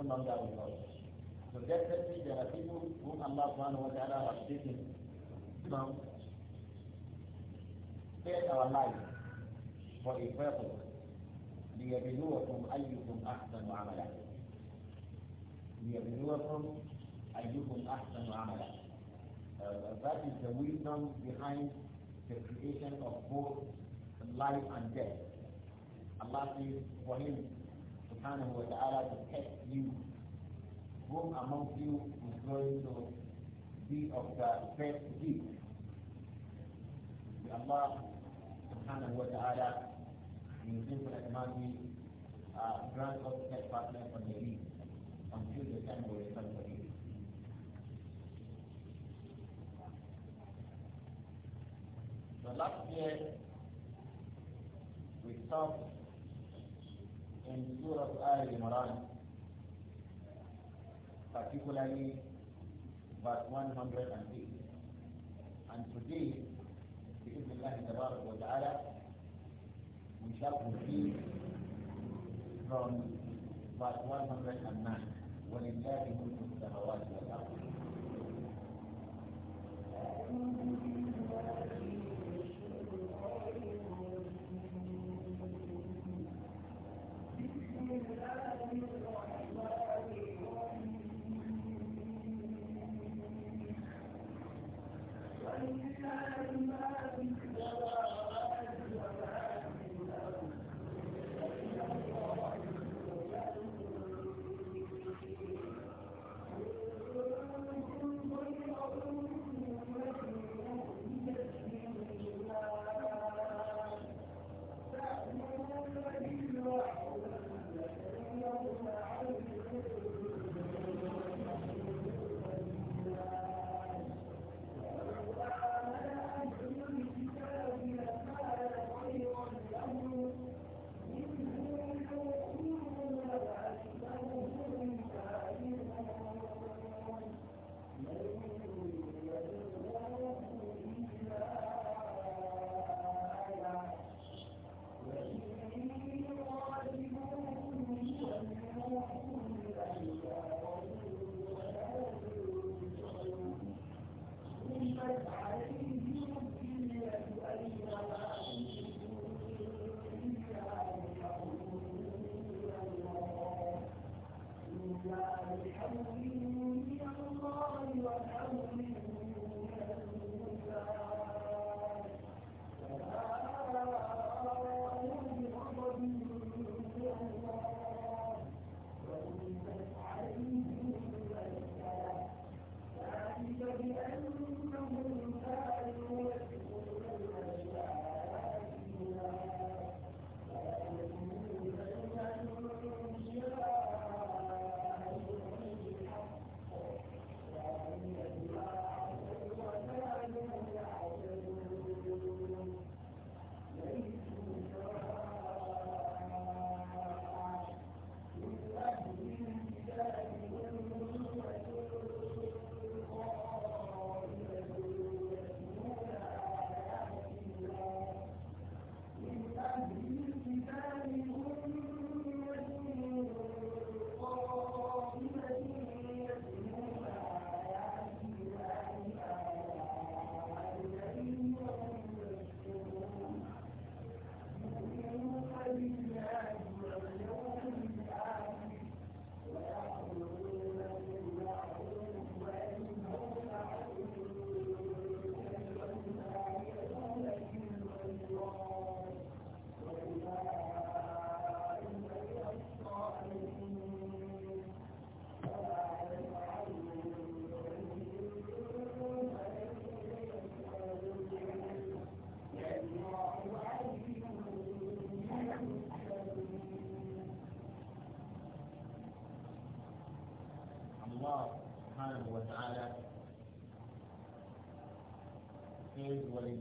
So definitely there are people whom Allah subhanahu wa ta'ala has taken from spared our life for a purpose. ليبلوكم أيكم أحسن عملا ليبلوكم أيكم أحسن عملا uh, That is the wisdom behind the creation of both life and death. Allah says for him subhanahu wa ta'ala to test you. Who among you is going to be of the best gift? Allah subhanahu wa ta'ala in simple and uh, grant us steadfastness on the lead until the time return for you. So last year we stopped in Surah Al Imran, particularly verse 108. And today, Allah wa ta'ala, we shall proceed from verse 109. ولله ملك السماوات والأرض.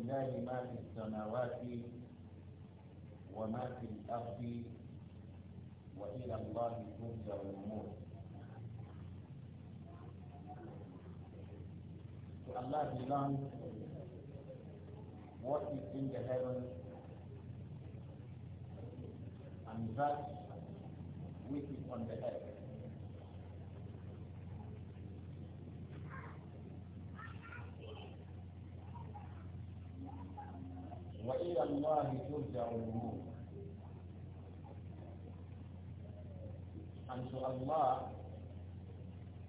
لله ما في السماوات وما في الأرض وإلى الله ترجع الأمور To Allah belongs what is in the heavens and that which is on the earth. الله ترجع الأمور And to Allah,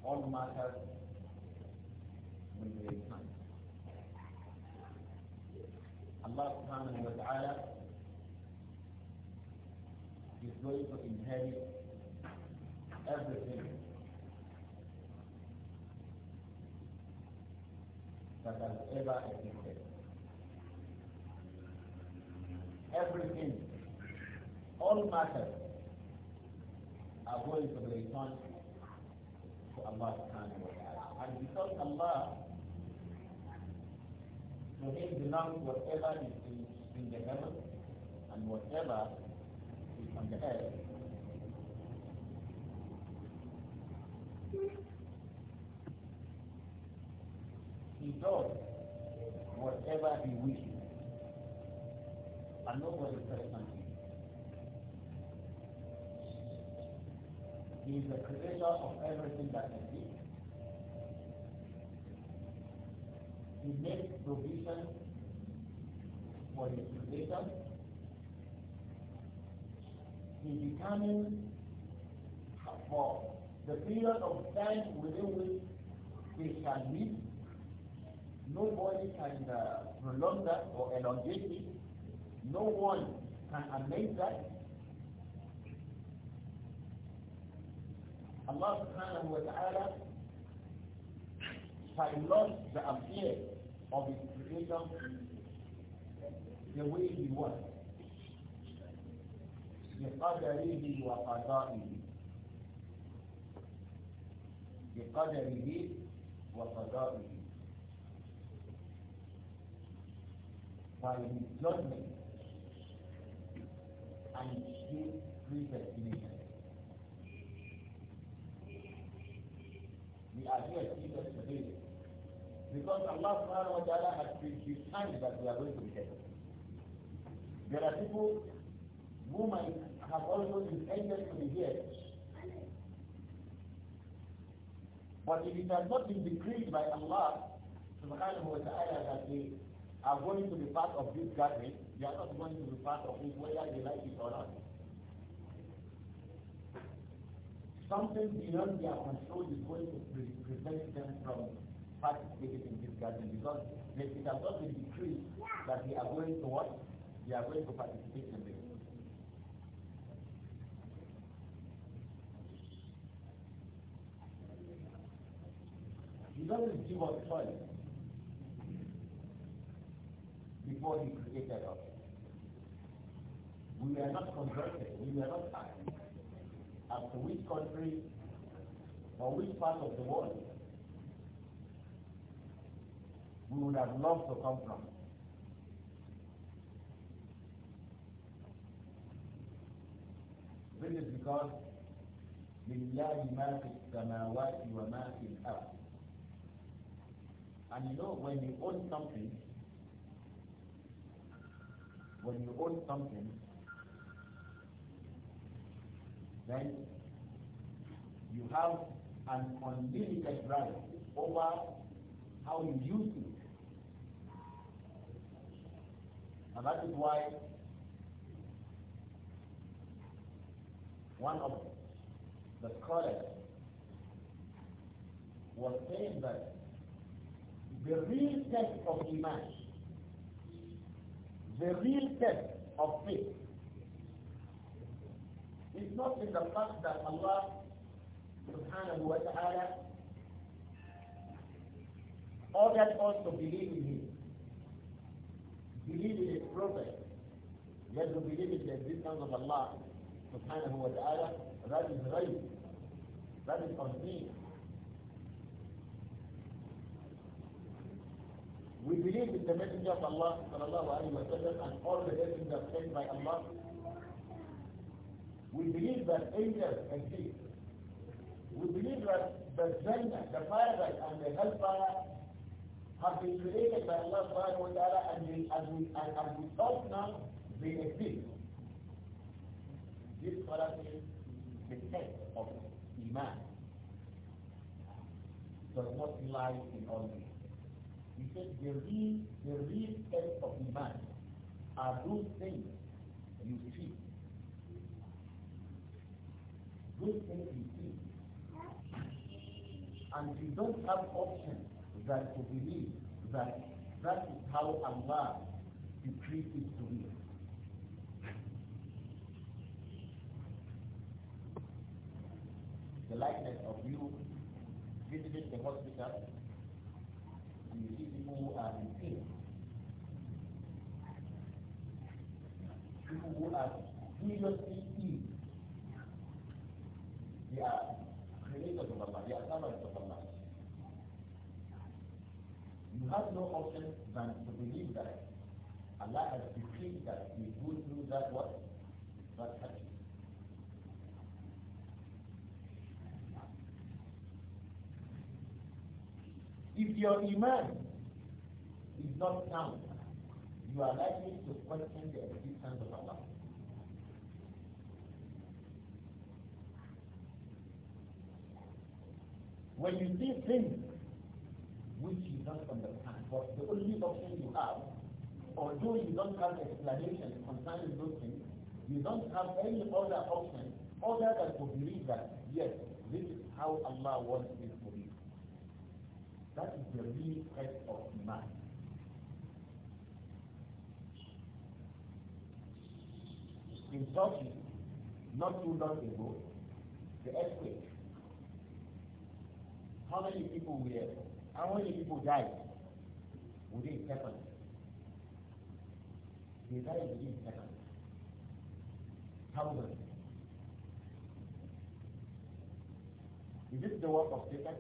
all matters will be returned. Allah subhanahu wa ta'ala is going to inherit everything that has ever existed. everything, all matters are going to be answered to Allah subhanahu wa ta'ala. And because Allah, to Him belongs whatever is in, in the heaven and whatever is on the earth, he does whatever he wishes and nobody threatened him. He is the creator of everything that exists. He makes provision for his creation. He determines for the period of time within which he shall live. Nobody can uh, prolong that or elongate it. No one can amend that. Allah subhanahu wa ta'ala pilots the affair of his creation the way he wants. بقدره وقضائه بقدره وقضائه by his judgment and his predestination. We are here Jesus today because Allah subhanahu wa ta'ala has predetermined that we are going to be here. There are people who might have also intended to be here. But if it has not been decreed by Allah subhanahu wa ta'ala that they are going to be part of this gathering, they are not going to be part of it whether they like it or not. Something beyond their control is going to pre prevent them from participating in this gathering because they, it has not been decreed that they are going to what? They are going to participate in this. He doesn't give us choice before he created us we are not converted, we are not asked as to which country or which part of the world we would have loved to come from. This is because لله ما في السماوات وما في الأرض. And you know when you own something, when you own something, then you have an unlimited right over how you use it. And that is why one of the scholars was saying that the real test of Iman, the real test of faith it's not in the fact that Allah subhanahu wa ta'ala ordered us to believe in Him, believe in His prophet, yet to believe in the existence of Allah subhanahu wa ta'ala, that is right, that is unseen. We believe in the Messenger of Allah sallallahu alayhi wa sallam and all the messengers sent by Allah we believe that angels exist. We believe that the Jannah, the paradise, and the hellfire have been created by Allah subhanahu wa ta'ala and we, and we, and, and we thought now they exist. This for is the test of Iman. Does not lie in all these. He said the real, the real test of Iman are those things you see Good things see. And we don't have option that to believe that that is how Allah decrees it to be. The likeness of you visiting the hospital and you see people who are in pain. People who are seriously they are creators of Allah. They are servants of Allah. You have no option than to believe that Allah has decreed that we go through that what? That hardship. If your iman is not sound, you are likely to question the existence of Allah. When you see things which you don't understand, but the only option you have, although you don't have explanation concerning those things, you don't have any other option other than to believe that, yes, this is how Allah wants it to be. That is the real test of man. In Turkey, not too long ago, the earthquake how many people were? How many people died within seconds? They died within seconds. Thousands. Is this the work of Satan?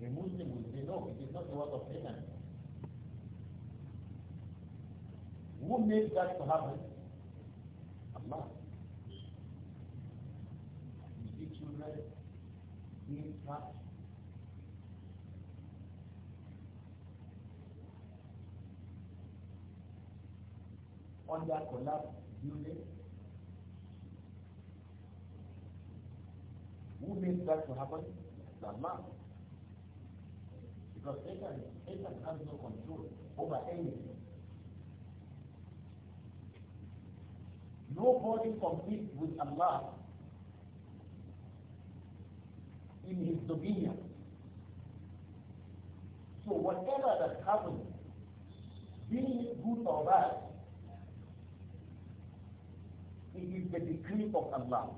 The Muslim will say, no, it is not the work of Satan. Who made that to happen? Allah. personal being touched. Under collapse building. Who made that to happen? The man. Because Satan, Satan has no control over anything. Nobody competes with Allah in his dominion. So whatever that happens, be it good or bad, it is the decree of Allah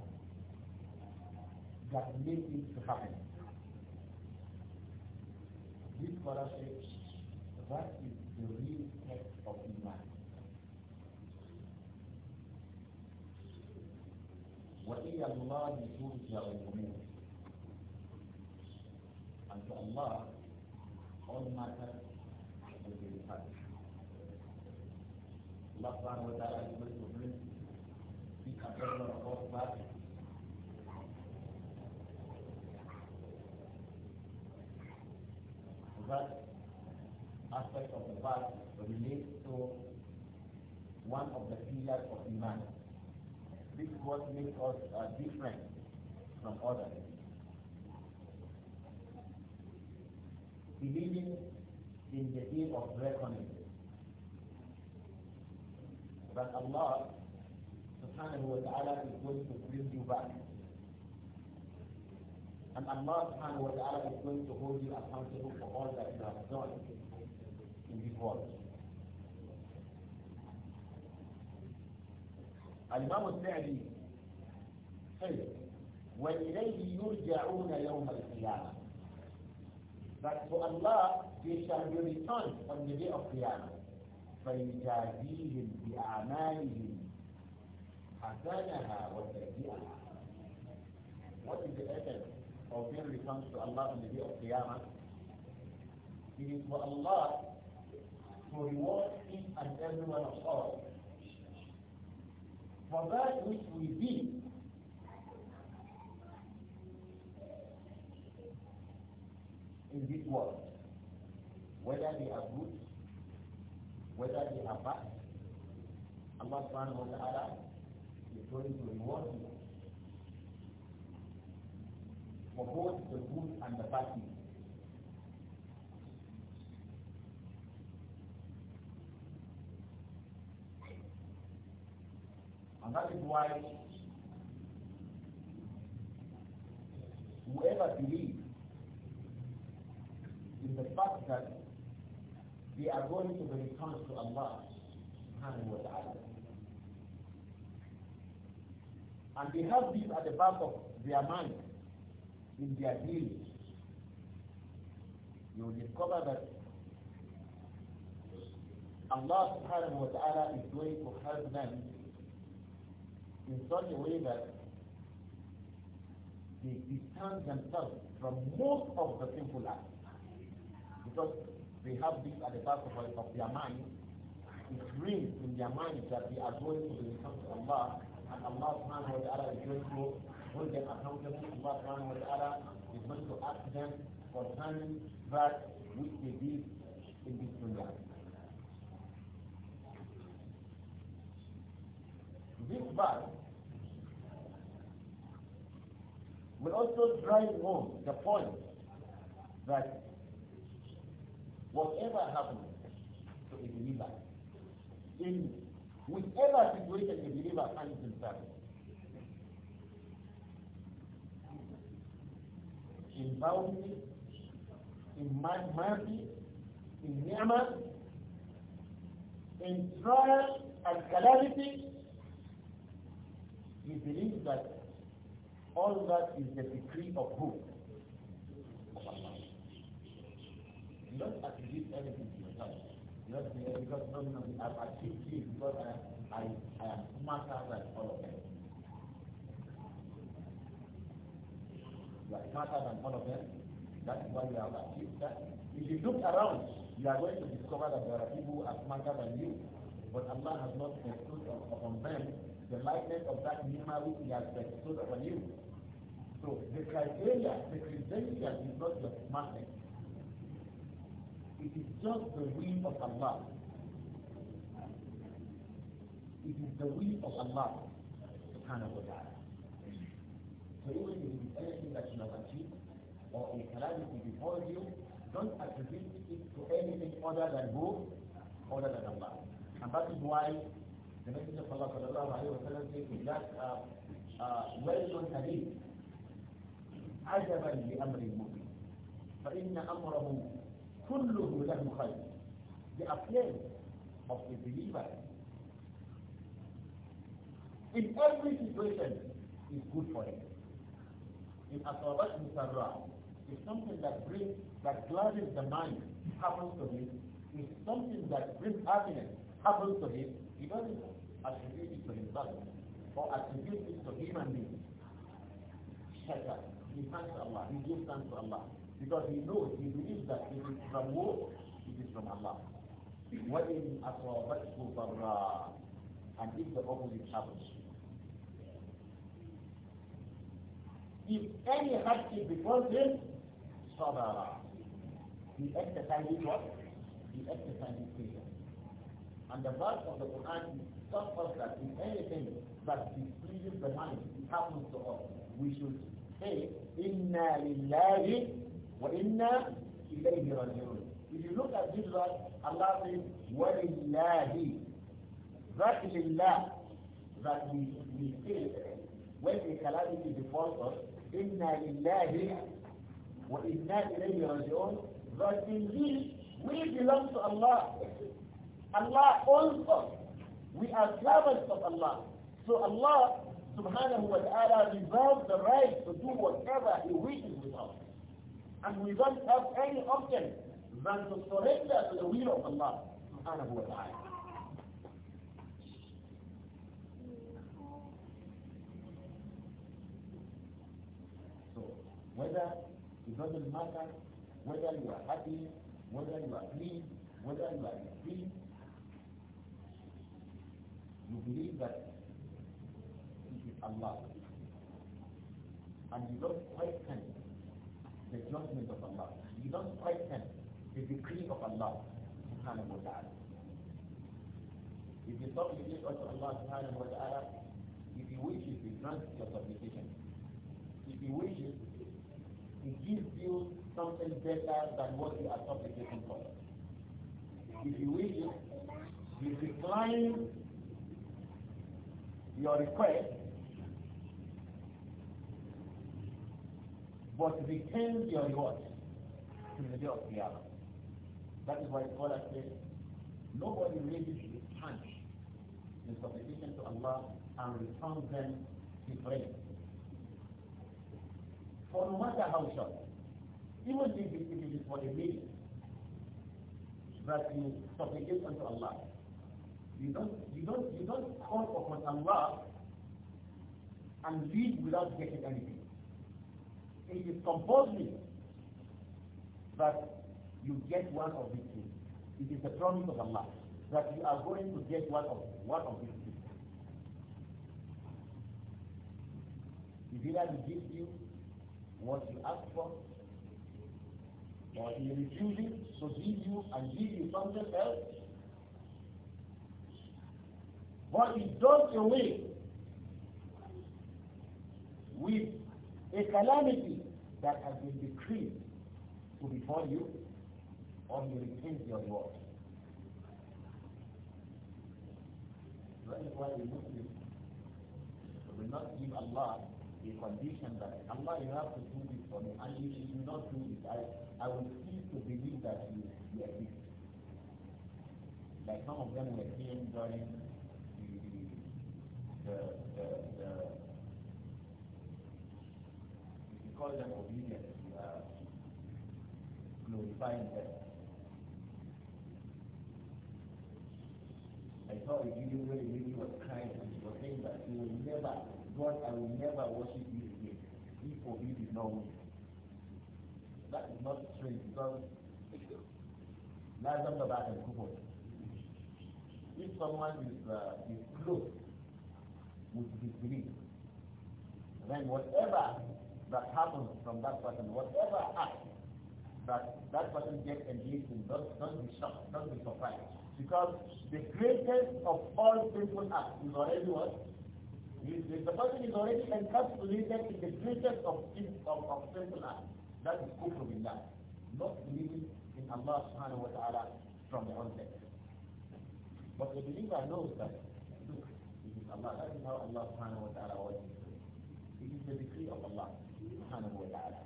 that made it to happen. This Quran says, that is the real test of Iman. وإلى الله ترجع الأمور to Allah all matters will be decided. Allah subhanahu wa ta'ala is going to bring one of that aspect of the verse relates to one of the pillars of Iman. This is what makes us uh, different from others. believing in the day of reckoning. But Allah subhanahu wa ta'ala is going to bring you back. And Allah subhanahu wa ta'ala is going to hold you accountable for all that you have done in this world. الإمام السعدي says وإليه يرجعون يوم القيامة that for Allah they shall be returned on the day of Qiyamah. فَيُجَازِيهِمْ بِأَعْمَالِهِمْ حَسَنَهَا وَسَيِّئَهَا What is the essence of being returned to Allah on the day of Qiyamah? It is for Allah to reward each and every one of us for that which we did in this world, whether they are good, whether they are bad, Allah subhanahu wa ta'ala is going to reward you for both the good and the bad And that is why whoever believes is the fact that they are going to be returned to Allah subhanahu wa ta'ala. And they have this at the back of their mind in their dreams, You will discover that Allah subhanahu wa ta'ala is going to help them in such a way that they distance themselves from most of the sinful acts. Because they have this at the back of, of their mind. it rings in their mind that they are going to become to Allah and Allah subhanahu wa ta'ala is going to hold them accountable. Allah subhanahu wa ta'ala is going to ask them for concerning that which they did in this dunya. This verse will also drive home the point that whatever happens to a believer, in whichever situation the believer finds himself, in poverty, in mercy, in ni'mah, in trial and calamity, he believes that all that is the decree of who? Of Allah do not attribute anything to yourself. Not uh, because no, no, I've achieved this because I, I, I am smarter than all of them. You are smarter than all of them. That is why you have achieved that. If you look around, you are going to discover that there are people who are smarter than you. But Allah has not bestowed upon them the likeness of that nima which He has bestowed upon you. So the criteria, the credential is not your smartness. It is just the will of Allah. It is the will of Allah subhanahu wa ta'ala. So even if it is anything that you have achieved or a calamity before you, don't attribute it to anything other than who? Other than Allah. And that is why the Messenger of Allah sallallahu alayhi wa sallam says in that uh, uh, well-known hadith, عجبا لأمر المؤمن فإن أمره كله له خير The appeal of the believer in every situation is good for him. In Asabat Musarra, is something that brings, that gladdens the mind, happens to him. Is something that brings happiness, happens to him. He doesn't attribute it to himself or attribute it to human beings. Shaka, he thanks Allah, he gives thanks to Allah. Because he knows, he believes that it is from who? It is from Allah. وَإِنْ أَصَابَتْهُ ضَرًّا And if the opposite happens. If any hardship befalls him, صَبَرًا He exercises what? He exercises patience. And the verse of the Quran tells us that if anything that displeases the mind happens to us, we should say, إِنَّا لِلَّهِ وَإِنَّا إِلَيْهِ رَاجِعُونَ If you look at this verse, Allah says, وَلِلَّهِ That is Allah that we, we feel when a calamity befalls us, إِنَّا لِلَّهِ وَإِنَّا إِلَيْهِ رَاجِعُونَ That this, we belong to Allah. Allah owns us. We are servants of Allah. So Allah subhanahu wa ta'ala reserves the right to do whatever he wishes with us and we don't have any option than to surrender to the will of Allah subhanahu wa ta'ala. So, whether it doesn't matter, whether you are happy, whether you are pleased, whether you are displeased, you believe that it is Allah. And you don't question the judgment of Allah. You don't fight question the decree of Allah subhanahu wa ta'ala. If you supplicate unto Allah subhanahu wa ta'ala, if he wishes, he grants your supplication. If he wishes, he gives you something better than what you are supplicating for. If he wishes, he declines your request but retains your reward to the day of Qiyamah. That is why Allah says, nobody raises his hand in supplication to Allah and returns them to praise. For no matter how short, even if it is for a million, that you supplicate unto Allah. You don't, you don't, you don't call upon Allah and leave without getting anything. It is compulsory that you get one of these things. It is the promise of Allah that you are going to get one of one of these things. If either he gives you what you ask for, or he refuses to give you and give you something else, but he does away with a calamity that has been decreed to befall you or you repent your reward. That is why we Muslims will not give Allah a condition that Allah you have to do this for me and you do not do it. I, I will cease to believe that you, you exist. Like some of them were saying during the, the, the, the call them obedience, uh, glorifying them. I saw a video where a lady was crying and she was saying that she will never, God, I will never worship you again if for you did me win. That is not strange because Lazarus the back and Kupo. If someone is, uh, is close with disbelief, then whatever that happens from that person, whatever act that that person gets engaged in, don't, don't be shocked, don't be surprised. Because the greatest of all people acts is already what? Is, is the person is already encapsulated in the greatest of, of, of sinful acts. That is kufr that, Not believing in Allah subhanahu wa ta'ala from the onset. But the believer knows that, look, it is Allah, that is how Allah subhanahu wa ta'ala was. It is the decree of Allah subhanahu wa ta'ala.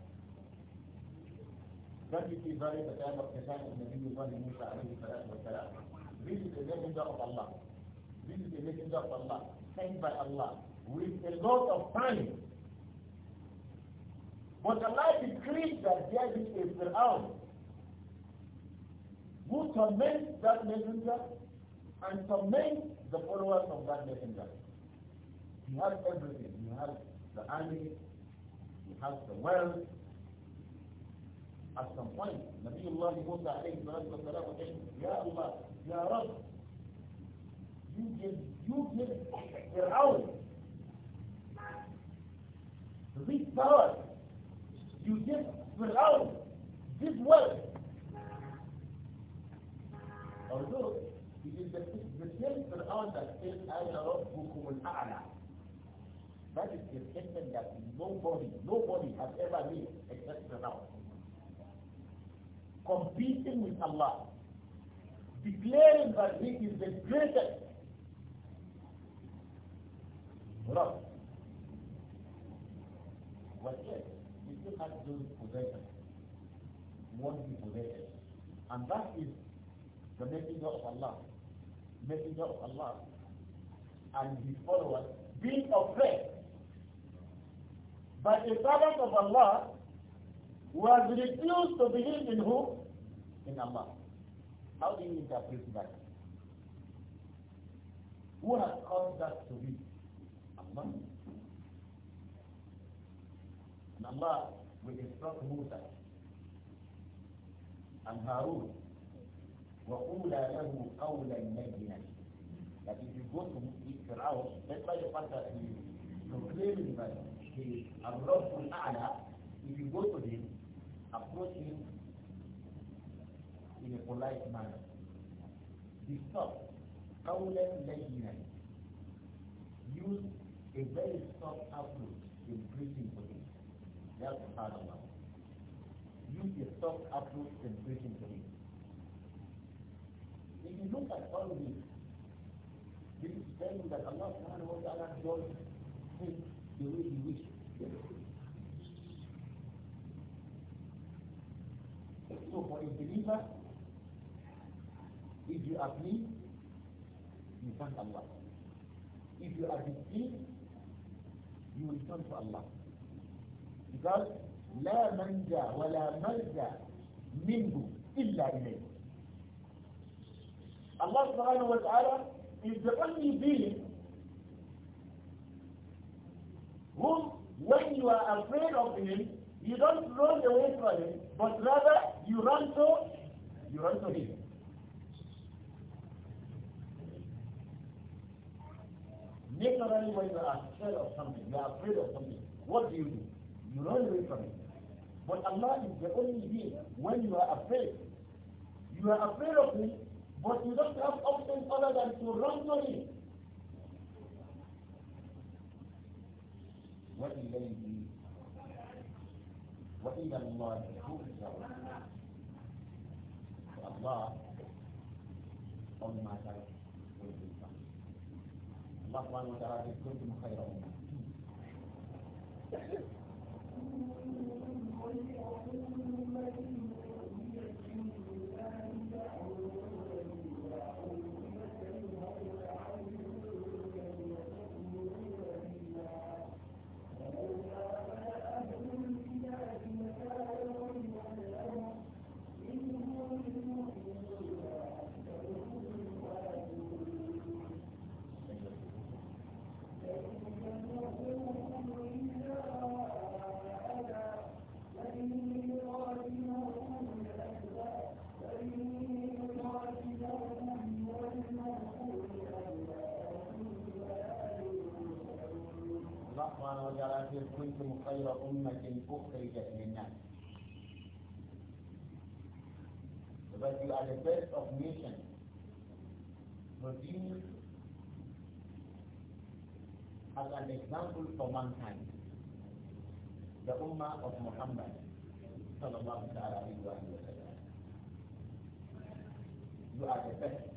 Musa salatu wa salam. This is the messenger of Allah. This is the messenger of Allah, sent by Allah, with a lot of time. But Allah decreed that there is a Fir'aun who torments that messenger and torments the followers of that messenger. He has everything. He has the army, he has the wealth. At some point, Nabiullah Musa alayhi wa salam said, Ya Allah, Ya Rab, you give, you give Fir'aun this power. You give Fir'aun this wealth. Although, it is the, the same Fir'aun that said, أَنَا رَبُّكُمُ الْأَعْلَى that is a statement that nobody, nobody has ever made except now. Competing with Allah, declaring that He is the greatest. Wrong. But yet, if you have those possessions, won't be And that is the messenger of Allah, messenger of Allah, and his followers being oppressed but a servant of Allah who has refused to believe in who? In Allah. How do you interpret that? Who has caused that to be? Allah. And Allah will instruct Musa and Harun وَقُولَا لَهُ قَوْلًا لَيِّنًا That if you go to Pharaoh, that's why the fact that he proclaimed that the Abdul A'la, if you go to him, approach him in a polite manner. Discuss Kaulan Lajinan. Use a very soft approach in preaching to him. That's the one. Use a soft approach in preaching to him. If you look at all this, this is telling that Allah subhanahu wa ta'ala does his بوجه وجه So for a believer, if you are clean, you thank Allah. If you are distinct, you will turn to Allah. Because لا منجى ولا ملجى منه إلا إليه. Allah subhanahu wa ta'ala is the only being whom when you are afraid of him, you don't run away from him, but rather you run to you run to him. Naturally, when you are afraid of something, you are afraid of something, what do you do? You run away from it. But Allah is the only being when you are afraid. You are afraid of him, but you don't have options other than to run to him. وإليه وإلى الله ترجع الله قول ما ترك الله سبحانه وتعالى كنتم خير أمة مخرجا للناس But you are the best of nations. Produce as an example for mankind. The Ummah of Muhammad sallallahu alayhi wa sallam. You are the best.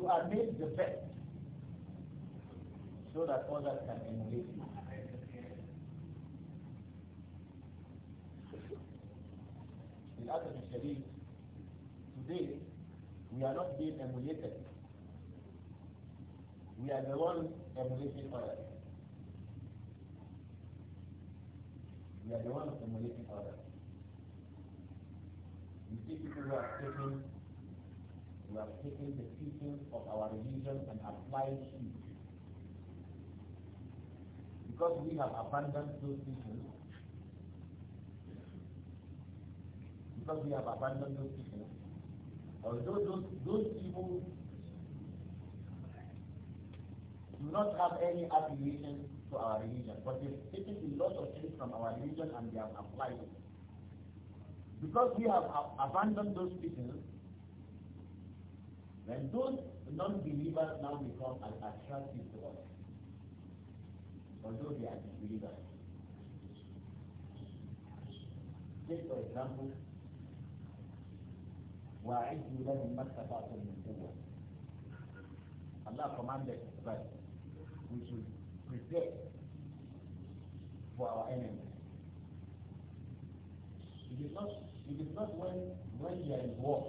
you are made the best so that others can emulate you. للأسف الشديد today we are not being emulated we are the one emulating others we are the one emulating others you see people who are taking we have taken the teachings of our religion and applied it. Because we have abandoned those teachings, because we have abandoned those teachings, although those, those people do not have any affiliation to our religion, but they've taken a lot of things from our religion and they have applied it. Because we have abandoned those teachings, and those non-believers now become as attractive to us, although they are believers. Take for example, وَأَعِدُّوا لَهُمْ مَا اسْتَطَعْتُمْ مِنْ قُوَّةٍ Allah commanded that we should prepare for our enemies. It is not, it is not when, when they are in war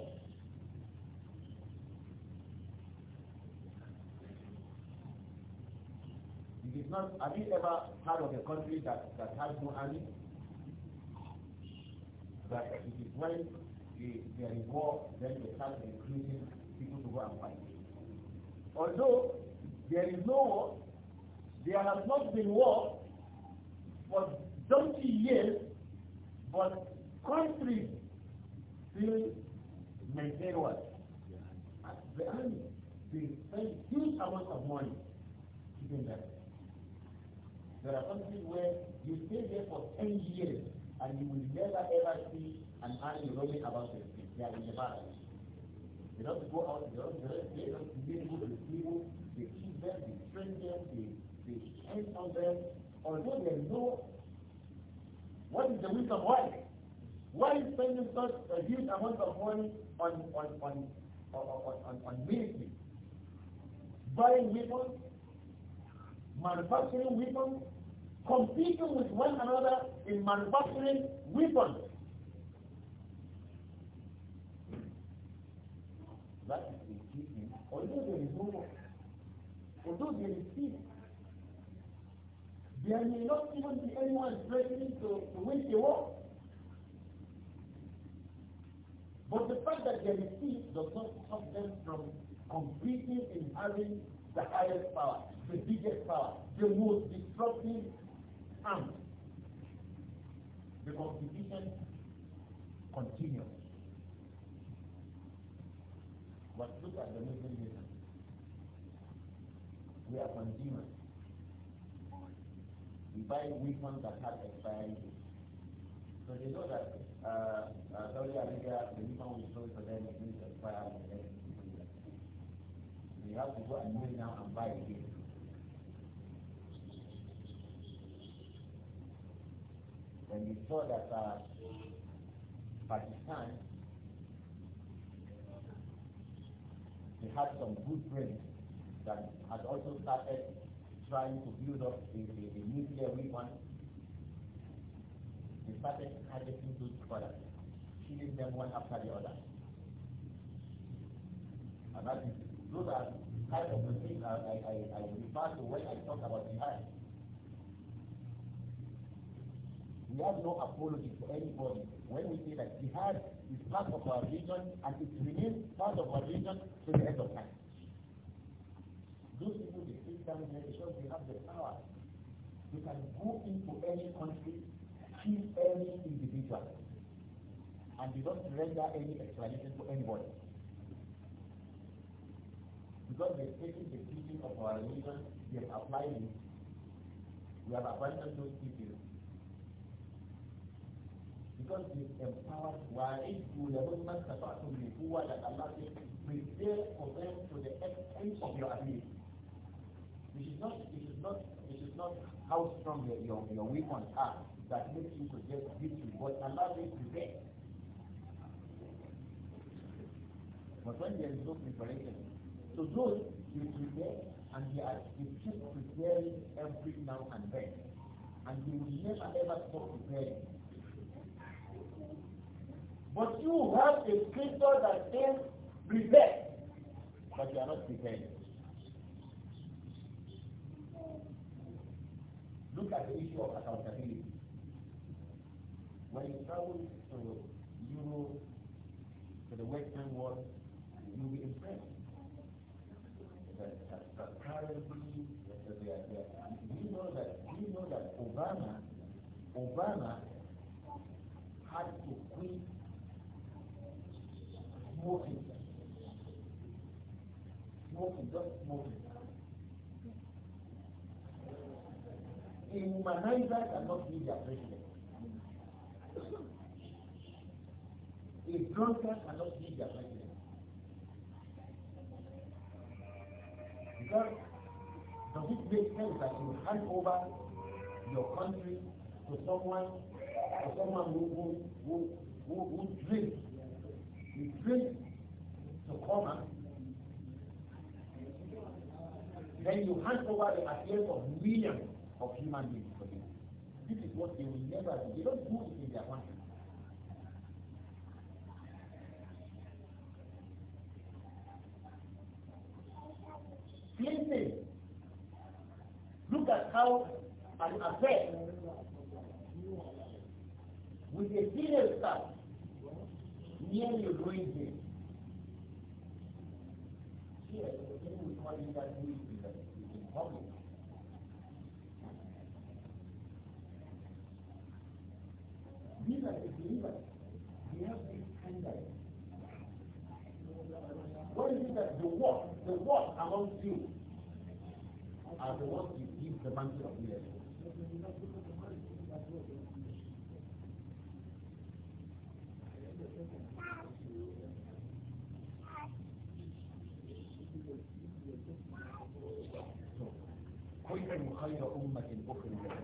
not, have you ever heard of a country that, that has no army? That it is when the, there is war, then they start recruiting people to go and fight. Although there is no war, there has not been war for 30 years, but countries still maintain what? The army, they spend huge amounts of money keeping them. There are countries where you stay there for 10 years and you will never ever see an army roaming about the street. They are in the barracks. They don't go out, they don't dress, they don't deal with people, they keep them, they train them, they, they hand on them, although they know what is the reason why. Why is spending such a huge amount of money on on on on, on, on, on military? Buying weapons, manufacturing weapons, competing with one another in manufacturing weapons. That is a teaching, although there is no although there is peace, there may not even be anyone threatening to, to win the war. But the fact that there is peace does not stop them from competing in having the highest power, the biggest power, the most destructive arm. The competition continues. But look at the Muslim nation. We are consumers. We buy weapons that have expiry date. So they know that uh, uh, Saudi Arabia, the weapon we sold for them is going to expire in the next you have to go and kneel now and buy again. When we saw that uh, Pakistan, they had some good friends that had also started trying to build up the, the, the nuclear weapon. They started targeting those products, killing them one after the other. And that is those are kind of the things I, I, I, refer to when I talk about jihad. We have no apology for anybody when we say that jihad is part of our religion and it remains part of our religion to the end of time. Those people, they speak down here because they have the power. They can go into any country, kill any individual, and they don't render any explanation to anybody. Because they've taken the teaching of our religion, they have applied it. We have abandoned those teachings. Because it empowers وَعَيْدُوا لَهُمْ مَنْ تَفَعْتُمْ بِقُوَّةِ that Allah says, prepare for them to the extent of your ability. Which is not, which is not, which is not how strong your, your, your weapons are that makes you to get victory, but Allah to prepare. But when there is no preparation, so those you prepare and they, are, they keep preparing every now and then. And you will never ever stop preparing. But you have a scripture that says prepare, but you are not prepared. Look at the issue of accountability. When you travel to Europe, to the Western world, you'll be impressed transparency, whether they are there. Do you know that, do you know that Obama, Obama had to quit smoking. Smoking, just smoking. A humanizer cannot be their president. A drunkard cannot be their president. security. Does it make sense that you hand over your country to someone or someone who who who who, who drinks? You drink to coma. Then you hand over the affairs of millions of human beings to This is what they will never do. They don't do it in their country. Look at how an affair with a serious start nearly ruins it. These are the believers. They have this kind of. What is it that the work, the work amongst you are what you give the bounty of years. كنتم خير أمة أخرى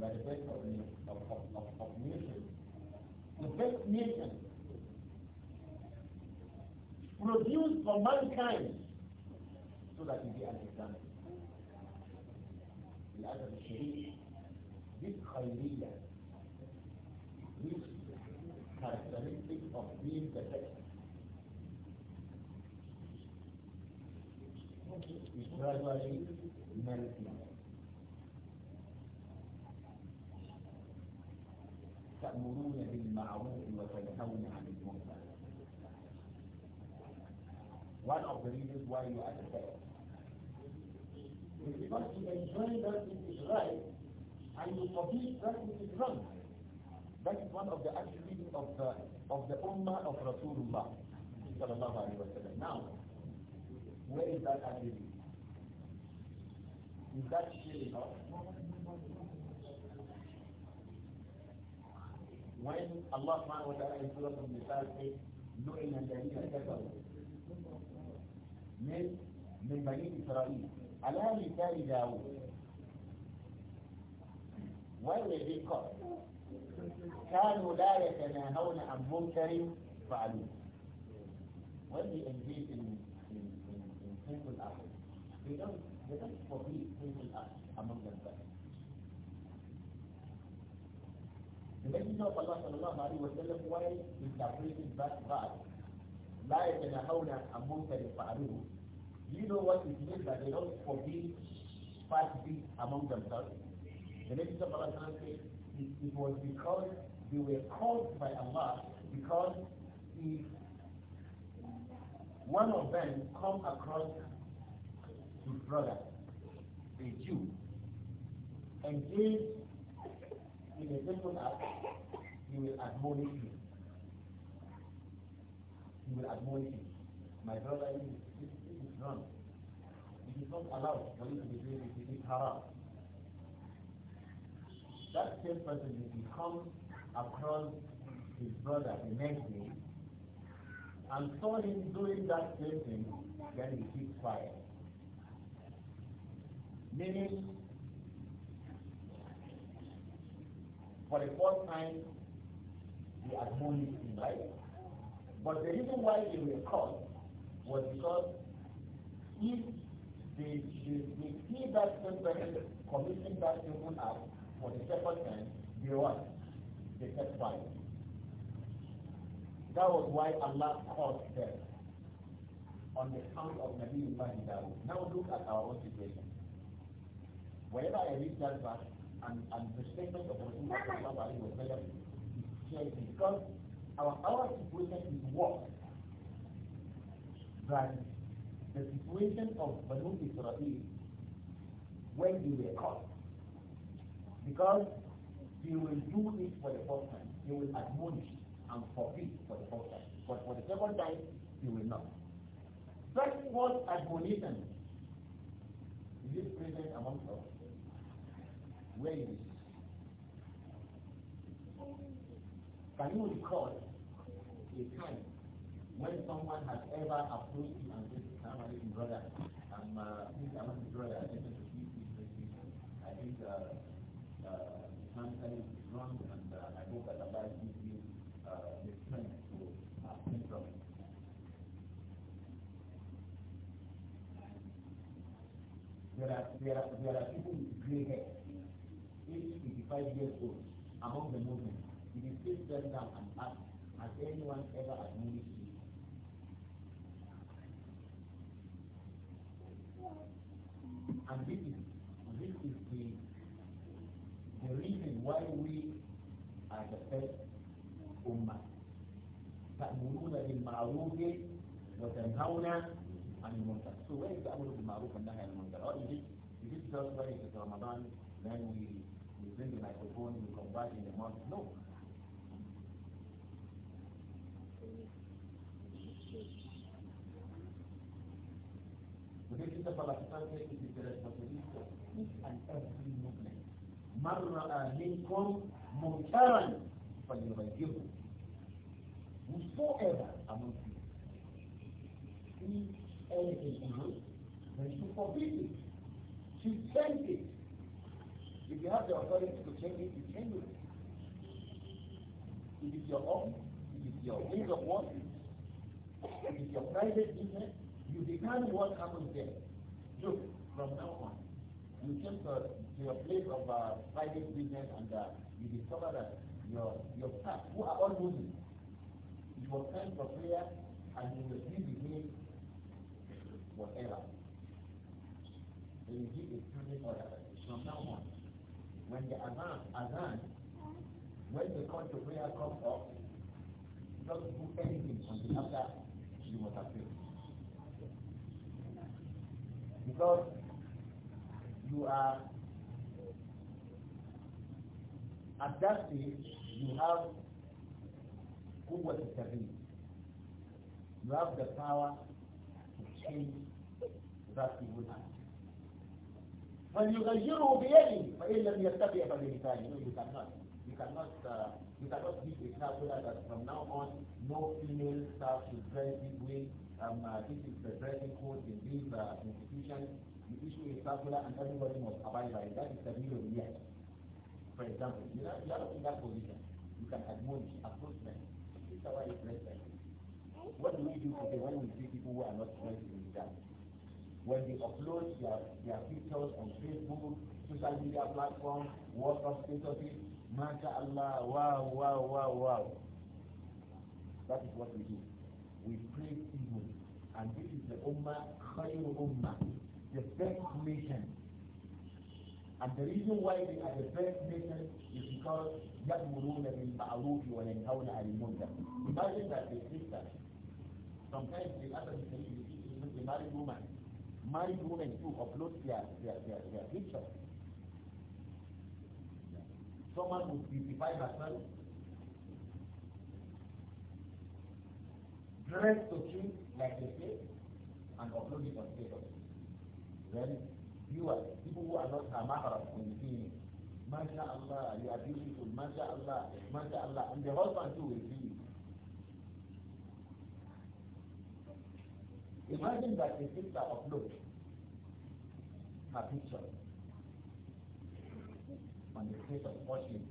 By the best of, of, of, of nations, the best nation produced for mankind so that you be an example. this خيرية characteristic of being the best is gradually melting. تأمرون بالمعروف وتنهون عن المنكر. One of the reasons why you are the best with respect to enjoying that which is right, and you forbid that which is wrong. That is one of the attributes of the of the Ummah of Rasulullah. Now, where is that attribute? Is that still enough? When Allah subhanahu wa ta'ala in Surah Al-Nisa says, لُعِنَ الَّذِينَ كَفَرُوا من من بني إسرائيل على لسان داوود والذي قال كانوا لا يتناهون عن منكر فعلوه واللي انجيل من سيف الاخر في دولة فقيه سيف الاخر امام البلد النبي صلى الله عليه وسلم وين من تعريف البعض لا يتناهون عن منكر فعلوه Do you know what it means that they don't forbid fast feet among themselves? The Messenger of Allah said it, it was because they were called by Allah because if one of them come across his brother, a Jew, and gave in a simple act, he will admonish him. He will admonish him. My brother is no, It is not allowed for you to be doing it, it is haram. That same person, if he comes across his brother the next day and saw him doing that same thing, then he keeps quiet. Meaning, for the first time, he admonished him, right? But the reason why he was caught was because if the, the, they see that same person committing that sinful act for the second time, they what? They set fire. That was why Allah caused them on the count of Nabi Ibrahim Dawud. Now look at our own situation. Whenever I read that verse and, and the statement of Rasulullah was better, it's because our, our situation is worse than the situation of Banu Israel when they were caught. Because you will do it for the first time. You will admonish and forbid for the first time. But for the second time, you will not. Such was admonition. Is it present among us? Where is it? Can you recall a time when someone has ever approached you and said, Salam alaikum, brother, I'm, uh, please, I want to draw your attention to this situation. I think uh, uh, Islam is wrong, and uh, I hope that Allah gives you uh, the strength to abstain from it. There are, there, are, there are people with gray hair, age 55 years old, among the movement. It is still them down and ask, has anyone ever admitted And this is, this is the, the reason why we are the first ummah. تأمرون بالمعروف وتنهون عن المنكر. So where is the أمر بالمعروف والنهي عن المنكر? Oh, is it, is it just when it's Ramadan, then we, we bring the microphone, we converse in the mosque? No. Because the Palestinians, it is من رأى منكم منكرا فليغيره whosoever among you sees anything evil then to forbid it to change it if you have the authority to change it you change it if it's your own if it's your ways of working if it's your private business you determine what happens there look from now on you change to your place of uh, private business and uh, you discover that your your staff who are all moving, it was time for prayer and you will be doing whatever. They you give a student order from now on. When the Azan, Azan, when the call to prayer comes up, don't do anything until after you must have prayed. Because you are at that stage, you have قوة التغيير. You have the power to change that evil act. فليغيره بيده فإن لم يستطع فبلسانه. No, you cannot. You cannot. Uh, you cannot be a calculator that from now on no female staff should dress this way. Um, uh, this is the dressing code in these uh, institutions. You issue is circular and everybody must abide by it. That is the real yes. For example, you are, you are in that position. You can admonish, approach them. This is how I What do we do today when we see people who are not dressed in that? When they upload their, their pictures on Facebook, social media platforms, WhatsApp statuses, MashaAllah, wow, wow, wow, wow. That is what we do. We praise evil. And this is the Ummah, Khair Ummah, the best nation and the reason why they are the best nation is because يَأْمُرُونَ بِالْمَعْرُوفِ وَيَنْهَوْنَ عَنِ الْمُنكَرِ Imagine that they sisters. Sometimes they ask us to married woman. Married woman too upload their, their, their, their pictures. Someone would beautify herself. Dress to kill, like they say, and upload it on Facebook. Very viewers, people who are not mahrams in the deen. MashaAllah, you are beautiful, MashaAllah, MashaAllah. And the husband too will see you. Imagine that a sister uploads her picture on the face of worship,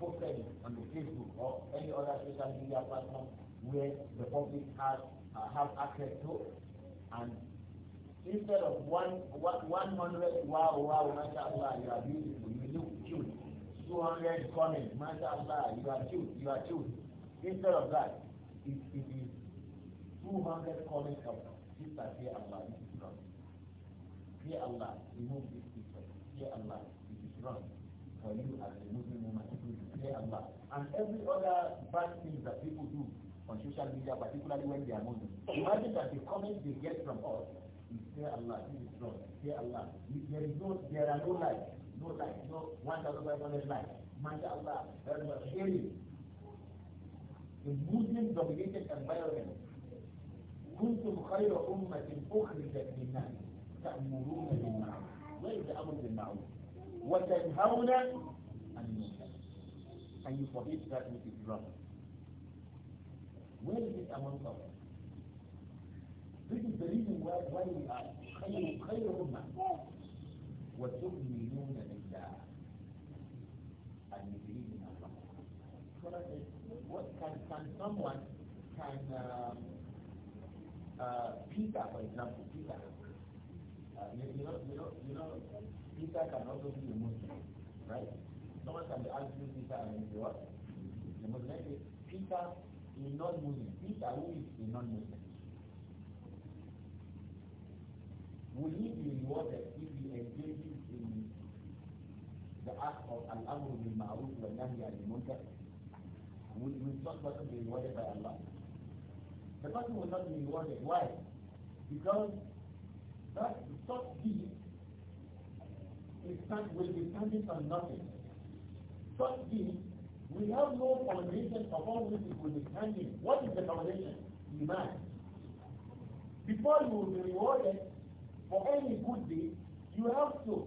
posted on the Facebook or any other social media platform where the public has uh, have access to and Instead of one, one, 100, wow, wow, mashallah, you are beautiful, you look cute. 200 comments, mashallah, you are cute, you are cute. Instead of that, it, it is 200 comments of sister, say Allah, this is wrong. Say Allah, remove this picture. Say Allah, this is wrong for you as a Muslim woman to fear Allah. And every other bad thing that people do on social media, particularly when they are Muslim. Imagine that the comments they get from us Fear Allah, this is wrong. Fear Allah. There is no, there are no lies. No lies. No 1,500 lies. Masha Allah. there is Really. The Muslim dominated environment. كنتم خير أمة أخرجت للناس تأمرون بالمعروف ويتأمر بالمعروف وتنهون عن المنكر and you forbid that which is wrong. Where is it among us? This is the reason why, we are خير خير أمة وتؤمنون بالله what can, can someone can um, uh, Peter, for example, Peter. Uh, you, know, you know, you know, Peter can also be a Muslim, right? one can be asking Peter and what? The Muslim. Peter is non-Muslim. Peter who is a non-Muslim. Will he be rewarded if he engages in the act of al-amr bil ma'ruf wa nahy anil munkar? Will, will such person be rewarded by Allah? The person will not be rewarded. Why? Because that such deed is not, will be standing on nothing. Such deed we have no foundation all this it will be standing. What is the foundation? Iman. Before you will be rewarded, for any good deed, you have to,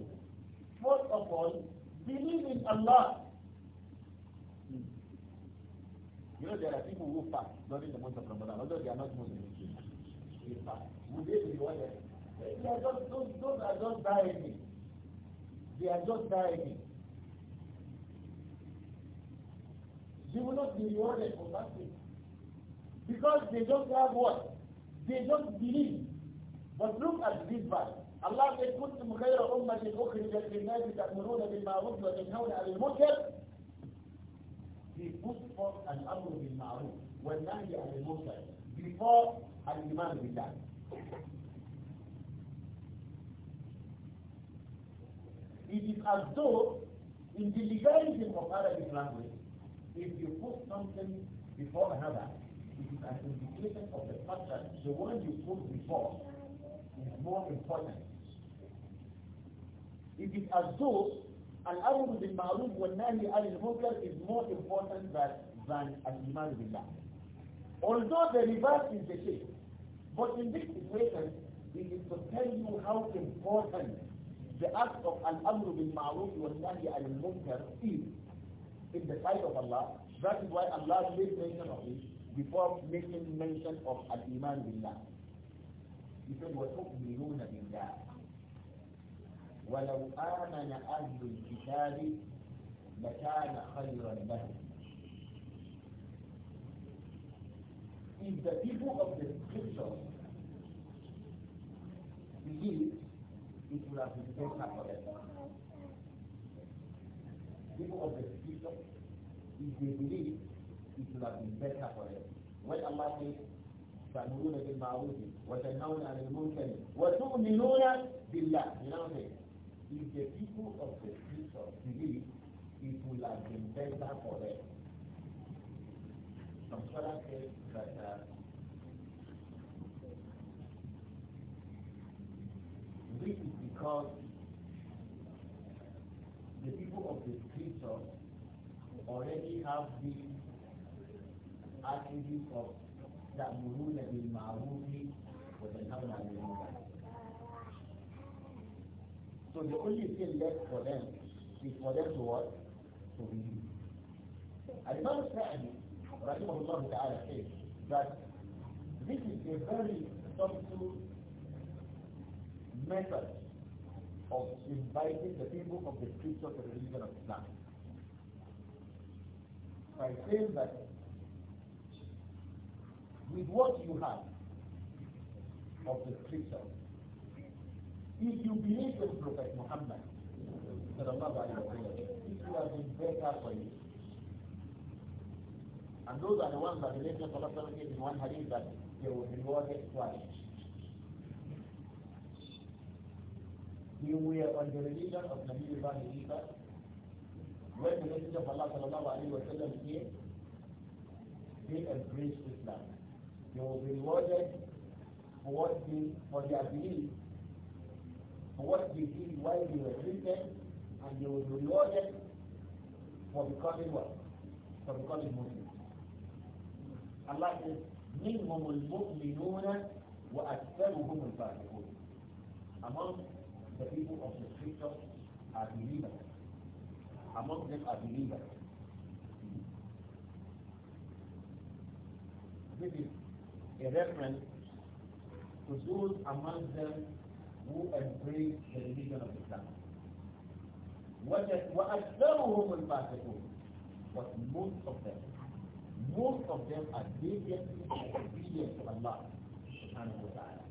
first of all, believe in Allah. Hmm. You know, there are people who fast during the month of Ramadan, although they are not Muslims. They fast. Would they be rewarded? They are just, those, those are just dieting. They are just dieting. They will not be rewarded for fasting. Because they don't have what? They don't believe but look at this verse. Allah said, كنتم خير أمة أخرجت للناس تأمرون بالمعروف وتنهون عن المنكر. He put forth an amr bil ma'ruf والنهي عن المنكر before al-iman that, It is as though in the legalism of Arabic language, if you put something before another, it is an indication of the fact that the one you put before more important. It is as though an amr bin ma'ruf wal nahi anil munkar is more important than than an iman billah. Although the reverse is the case, but in this situation, it is to tell you how important the act of al-amr bin ma'ruf wal nahi anil munkar is in the sight of Allah. That is why Allah made mention of it before making mention of an iman billah. يقول وتؤمنون بالله ولو آمن أهل الكتاب لكان خيرا لهم If the people of the scriptures believe, it will have been better for them. People of the scriptures, if they believe, it will have been better for them. When Allah says, تأمرون بالمعروف وتنهون عن المنكر وتؤمنون بالله you know what if the people of the future believe it would have been better for them some scholars say that uh, this is because the people of the future already have the attributes of تأمرون بالمعروف وتنهون عن المنكر So the only thing left for them is for them to what? To believe. الإمام السعدي رحمه الله تعالى says that this is a very subtle method of inviting the people of the scripture to the religion of Islam. By saying that with what you have of the scripture. If you believe in Prophet Muhammad, that Allah it would have been better for you. And those are the ones that the Messenger of Allah gave in one hadith that they will be rewarded twice. They were on the religion of Nabi Ibrahim Isa. When the Messenger of Allah sallallahu alayhi wa came, they embraced Islam. They will be rewarded for what they, for their belief, for what they did while they were Christian, and they will be rewarded for becoming what? For becoming Muslims. Allah says, منهم المؤمنون وأكثرهم الفاسقون. Among the people of the scriptures are believers. Among them are believers. This is a reference to those among them who embrace the religion of Islam. وأكثرهم الفاسقون but most of them most of them are deviantly obedient to Allah subhanahu wa ta'ala.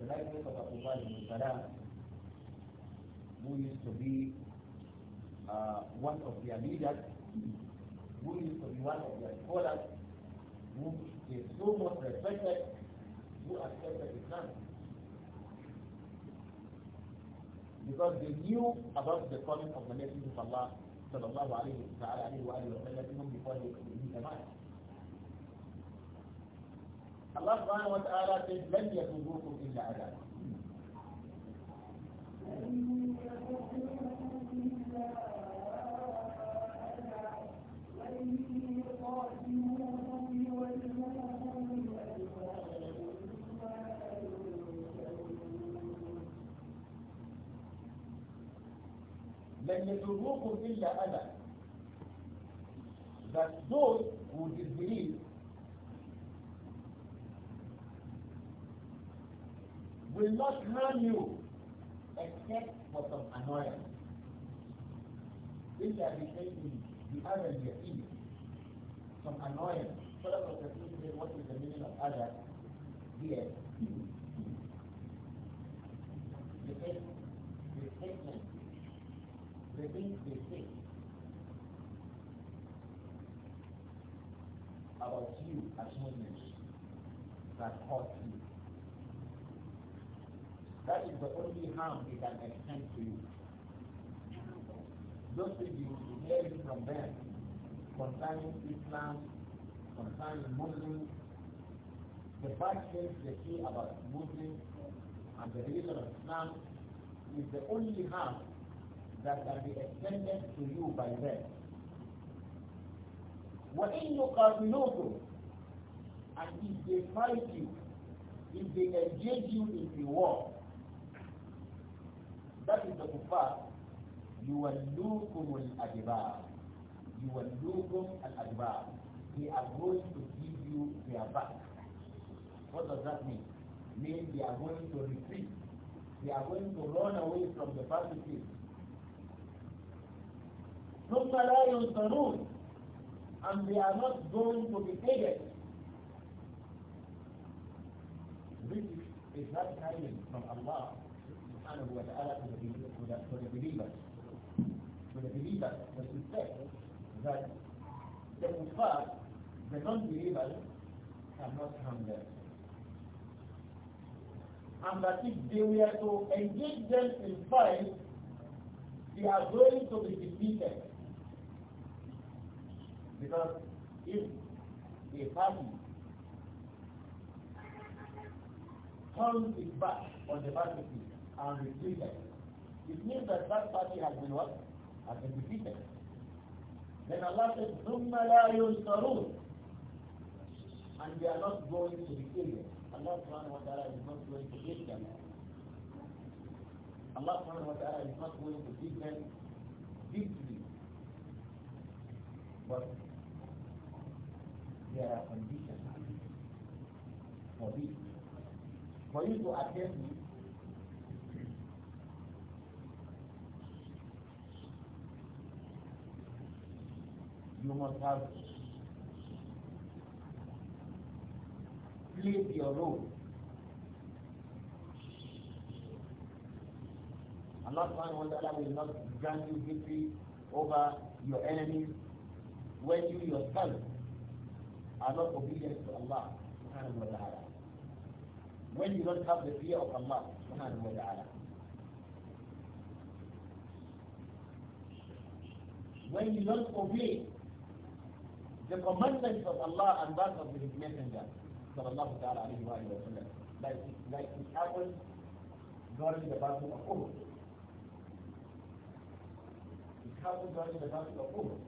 The likeness of Abu Bakr Salam who used to be uh, one of their leaders, who used to be one of their scholars, who is so much respected, who accepted Islam. Because they knew about the coming of the Messenger of Allah sallallahu alayhi wa sallam before he was the man. Allah subhanahu wa ta'ala says, لَنْ يَتُوبُوكُمْ إِلَّا عَذَابًا Thank you. لن يضروكم إلا أذى that those who disbelieve will not harm you except for some annoyance. are the other بأذى يقين some annoyance. So that was the said, what is the meaning of other here? The statement the things they say about you as Muslims that hurt you. That is the only harm they can extend to you. Just things you will hear from them concerning Islam, concerning Muslims, the bad things they say about Muslims and the religion of Islam is the only harm that can be extended to you by them. وَإِنْ يُقَاتِلُوكُمْ And if they fight you, if they engage you in the war, that is the kuffar, يُوَلُّوكُمُ الْأَدْبَارِ يُوَلُّوكُمْ الْأَدْبَارِ They are going to give you their back. What does that mean? Means they are going to retreat. They are going to run away from the battlefield. ثم لا ينصرون and they are not going to be aided. This is not coming from Allah subhanahu wa ta'ala to the believers. To the believers, the success that the kuffar, the non-believers, cannot harm them. And that if they were to engage them in fight, they are going to be defeated. Because if a party turns its back on the vacancy and retreated, it means that that party has been what? Has been defeated. Then Allah says, ثُمَّ لَا يُنْصَرُونَ And they are not going to be killed. Allah subhanahu wa ta'ala is not going to give them. Allah subhanahu wa ta'ala is not going to give them victory. But there are conditions for this. For you to address me, you must have played your role. Allah subhanahu wa ta'ala will not grant you victory over your enemies when you yourself are not obedient to Allah subhanahu wa ta'ala. When you don't have the fear of Allah subhanahu wa ta'ala. When you don't obey the commandments of Allah and that of His Messenger sallallahu ta'ala alayhi wa sallam like, like it happened during the battle of Uhud. It happened during the battle of Uhud.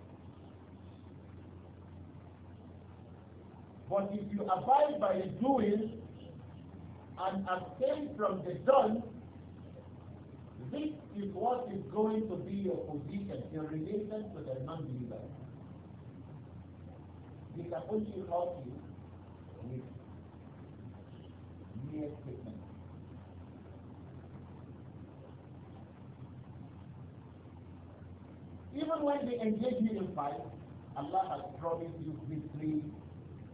But if you abide by the doing and abstain from the done, this is what is going to be your position in relation to the non-believer. They can only help you with mere statement. Even when they engage you in fight, Allah has promised you victory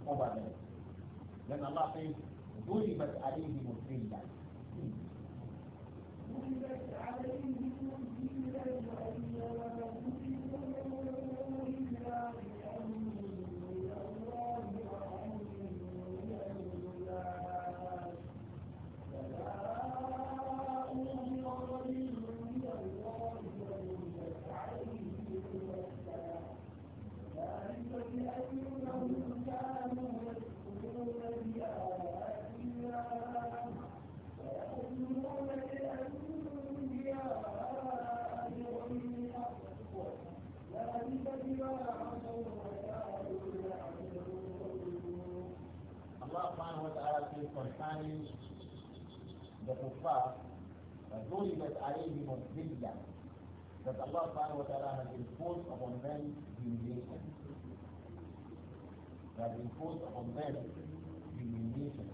مبادرة لأن الله قيل ضربت عليهم الذلة. ضربت عليهم الذلة concerning the kuffar that ضربت عليهم الذلة that Allah subhanahu wa ta'ala has imposed upon them humiliation. That imposed upon them humiliation.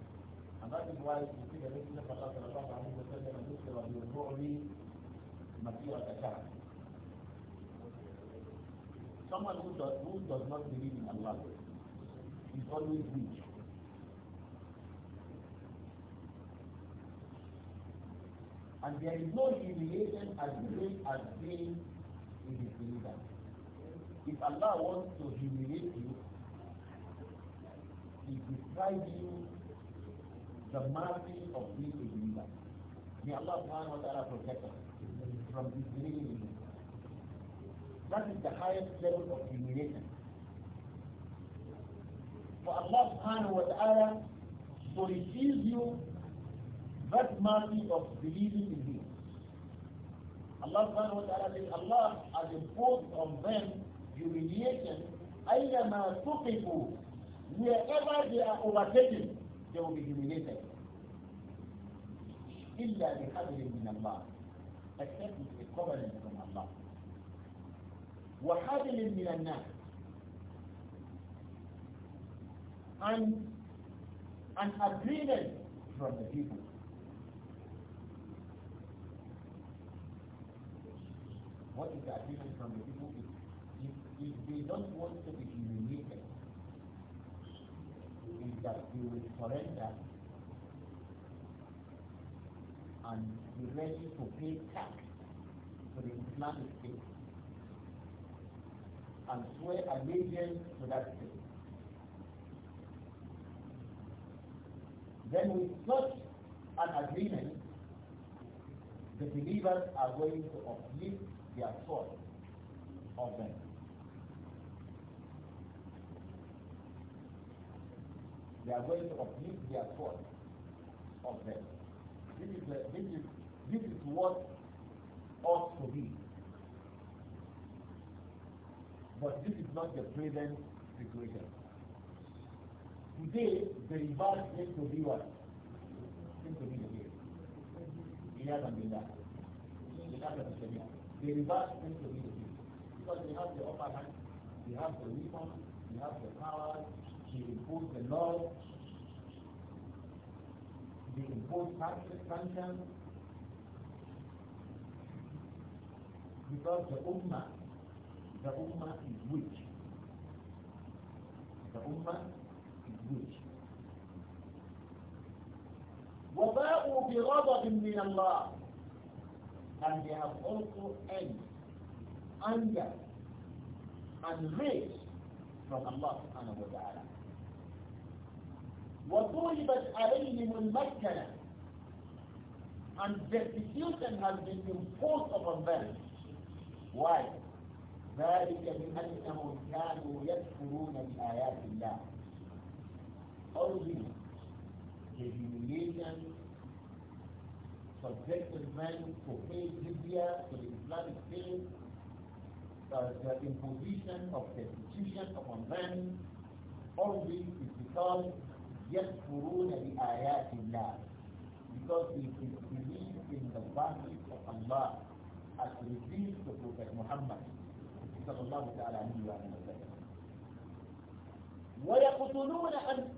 And that is why you see the Messenger of Allah sallallahu alayhi wa sallam and Muslim of your glory, Someone who does, who does not believe in Allah is always weak. And there is no humiliation as great as being in the disbeliever. If Allah wants to humiliate you, He deprives you the mercy of being a believer. May Allah subhanahu wa ta'ala protect us from this in That is the highest level of humiliation. For Allah subhanahu wa ta'ala to refuse you that matter of believing in Him. Allah subhanahu wa ta'ala says, Allah has imposed on them humiliation, أينما تقفوا, wherever they are overtaken, they will be humiliated. إلا بحبل min Allah, except with a covenant from Allah. وحبل من الناس and an agreement from the people. what is the attention from the people if, if they don't want to be humiliated, is that they will surrender and be ready to pay tax to the Islamic State and swear allegiance to that state. Then with such an agreement, the believers are going to uplift they are taught of them. They are going to uplift their thoughts of them. This is, the, this is, this is what ought to be. But this is not the present situation. Today, the reverse needs to be what? Needs to be the case. إيانا بالله. بالله بالجميع they reverse things to be because they have the upper hand, they have the weapon, they have the power, they impose the law, they impose sanctions, because the ummah, the ummah is weak. The ummah is weak. وباءوا بغضب من الله and they have also earned anger and rage from Allah subhanahu wa ta'ala. وطولبت عليهم المكنة and destitution has been imposed upon them. Why? ذلك بأنهم كانوا يكفرون بآيات الله. All of you, the humiliation subjected men to pay jizya to the Islamic state, uh, the imposition of persecution upon them, all this is because يَكْفُرُونَ بِآيَاتِ اللَّهِ because they believe in the bounties of Allah as revealed to Prophet Muhammad صلى الله تعالى عليه وسلم ويقتلون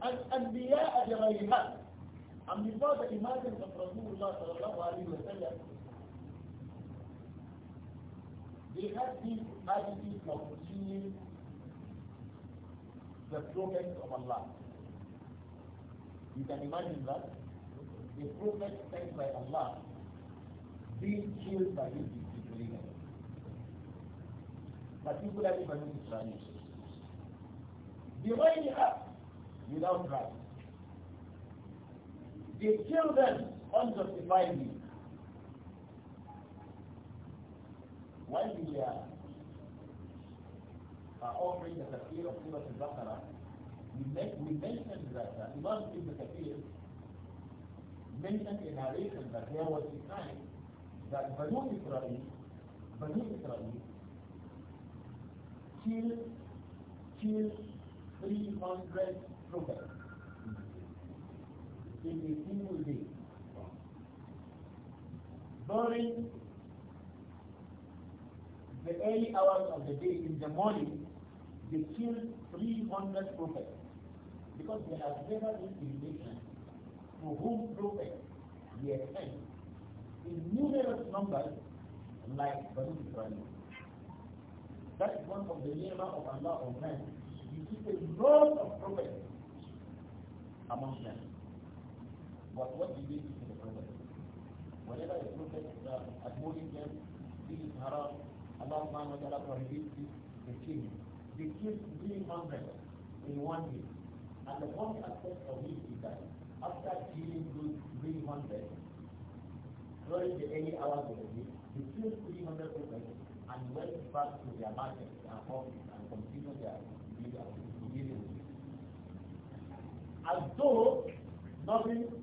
الأنبياء بغير حق and we saw the images of Rasulullah sallallahu alayhi wa sallam. They had this attitude of seeing the Prophet of Allah. You can imagine that? the prophet sent by Allah being killed by his disbelievers, particularly by his Israelis. They were in the earth without Christ. They kill them unjustifiably. While we are offering the tafsir of Surah Al-Baqarah, we, make, we mentioned that uh, Imam Ibn Kathir mentioned in narration that there was a time that Banu Israel, Banu Israel, killed, killed 300 prophets in a single day. During the early hours of the day in the morning, they killed 300 prophets because they have never been in nation to whom prophets were sent in numerous numbers like Banu Israel. That is one of the neighbor of Allah on men. You see a lot of prophets among them. But what did they do to the Prophet? Whenever the Prophet is uh, admonishing them, this is haram, Allah subhanahu wa ta'ala prohibits this, they kill They killed 300 in one day. And the one aspect of this is that after killing those 300, during the early hours of the day, they killed 300 people and went back to their market and office and continued their business. As though nothing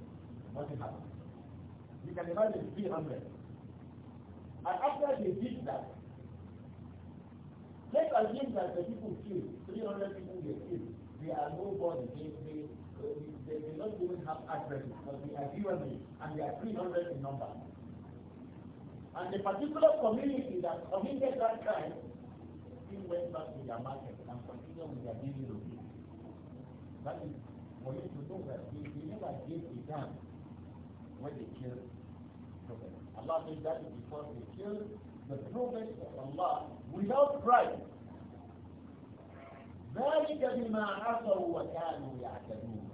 Nothing happened. You can imagine 300. And after they did that, let's assume that the people killed, 300 people were killed, they are nobody, they, they, they, they don't even have addresses, but they are human and they are 300 in number. And the particular community that committed that crime still went back to their market and continued with their daily routine. That is for you to know that they, they never gave a damn when they kill Prophet. Allah says that is because they kill the Prophet of Allah without right. ذلك بما عصوا وكانوا يعتدون.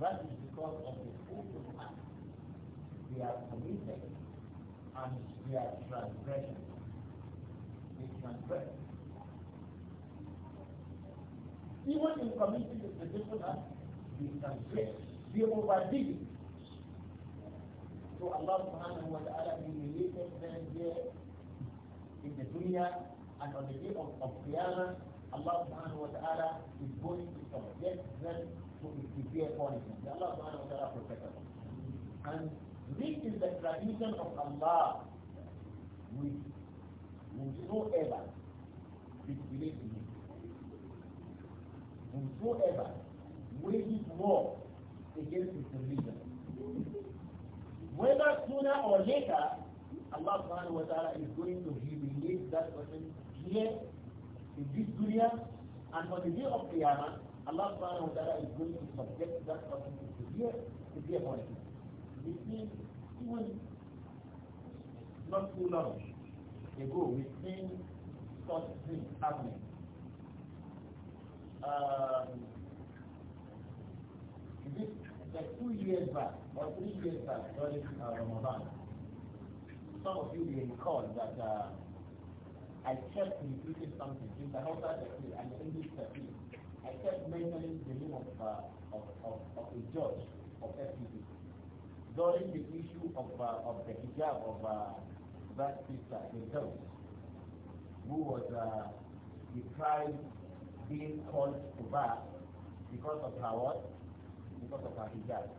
That is because of the open act we are committed and we are transgression. we transgress. Even in committing the different we they transgress. we overdid it. So Allah subhanahu wa ta'ala humiliated them here in the dunya and on the day of, of Qiyamah, Allah subhanahu wa ta'ala is going to subject them to a severe punishment. Allah subhanahu wa ta'ala protect us. And this is the tradition of Allah with whosoever disbelieves in Him. Whosoever wages war against His religion. Whether sooner or later, Allah subhanahu wa ta'ala is going to humiliate that person here in this dunya and on the day of Qiyamah, Allah subhanahu wa ta'ala is going to subject that person to severe, severe punishment. This means even not too long ago, we seen such things happening. Um, this like two years back or three years back during uh, Ramadan, some of you may recall that uh, I kept repeating something in the Hausa Tafsir and the English Tafsir. I kept mentioning the name of, uh, of, of, of, a judge of FPP during the issue of, uh, of the hijab of uh, that sister, the who was uh, deprived, being called to bar because of her what? because of her hijab.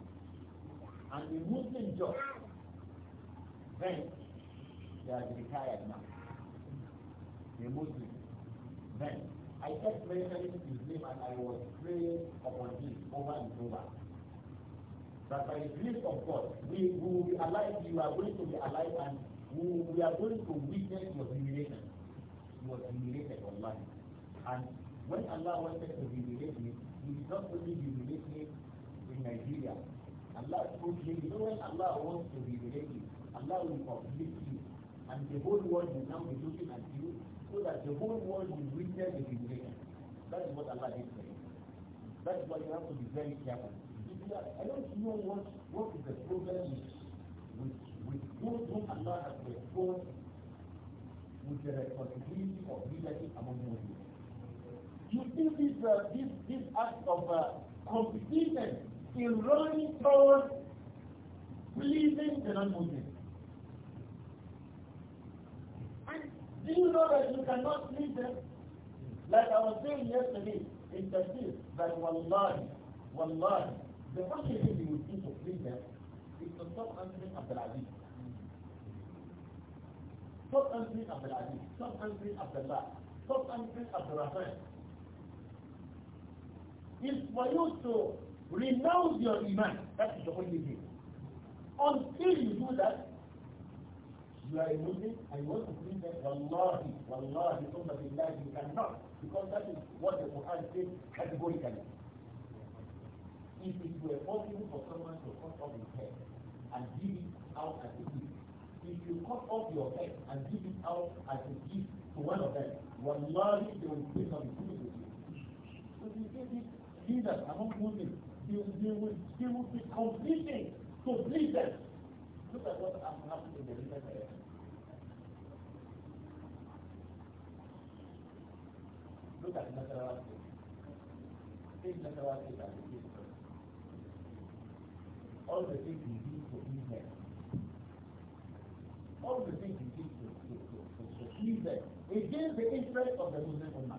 And the Muslim job, then they are retired now. The Muslim. Then I kept mentioning his name and I was praying upon him over and over. That by the grace of God, we, we will be alive, you are going to be alive and we, we are going to witness your humiliation. He was humiliated online. And when Allah wanted to humiliate me, he did not only humiliate me in Nigeria. Allah told him, you know when Allah wants to revelate you, Allah will complete you. And the whole world will now be looking at you so that the whole world will witness the revelation. That is what Allah did for you. That is why you have to be very careful. I don't know what, what is the problem with, with those whom Allah has exposed with the responsibility of leadership among Muslims. You see this, uh, this, this act of uh, competition in running towards pleasing the non-Muslim. And do you know that you cannot please them? Like I was saying yesterday in Tafsir, that wallahi, wallahi, the first thing you will think of please them is to stop answering Abdul Aziz. Stop answering Abdul Aziz, stop answering Abdullah, stop answering Abdul Rahman. It's for you to Renounce your iman. That is the only thing. Until you do that, you are a Muslim and you want to bring them, wallahi, wallahi, somebody like you cannot. Because that is what the Quran says categorically. If it were possible for someone to cut off his head and give it out as a gift, if you cut off your head and give it out as a gift to one of them, wallahi, they will bring on the with you. So you see this leaders among Muslims you, you, will, you will be completing to Look at what I'm having in the living Look at natural state. Take natural as a gift. All the things you do to please All the things you do to, to, to, to please them. Against the interest of the Muslim woman.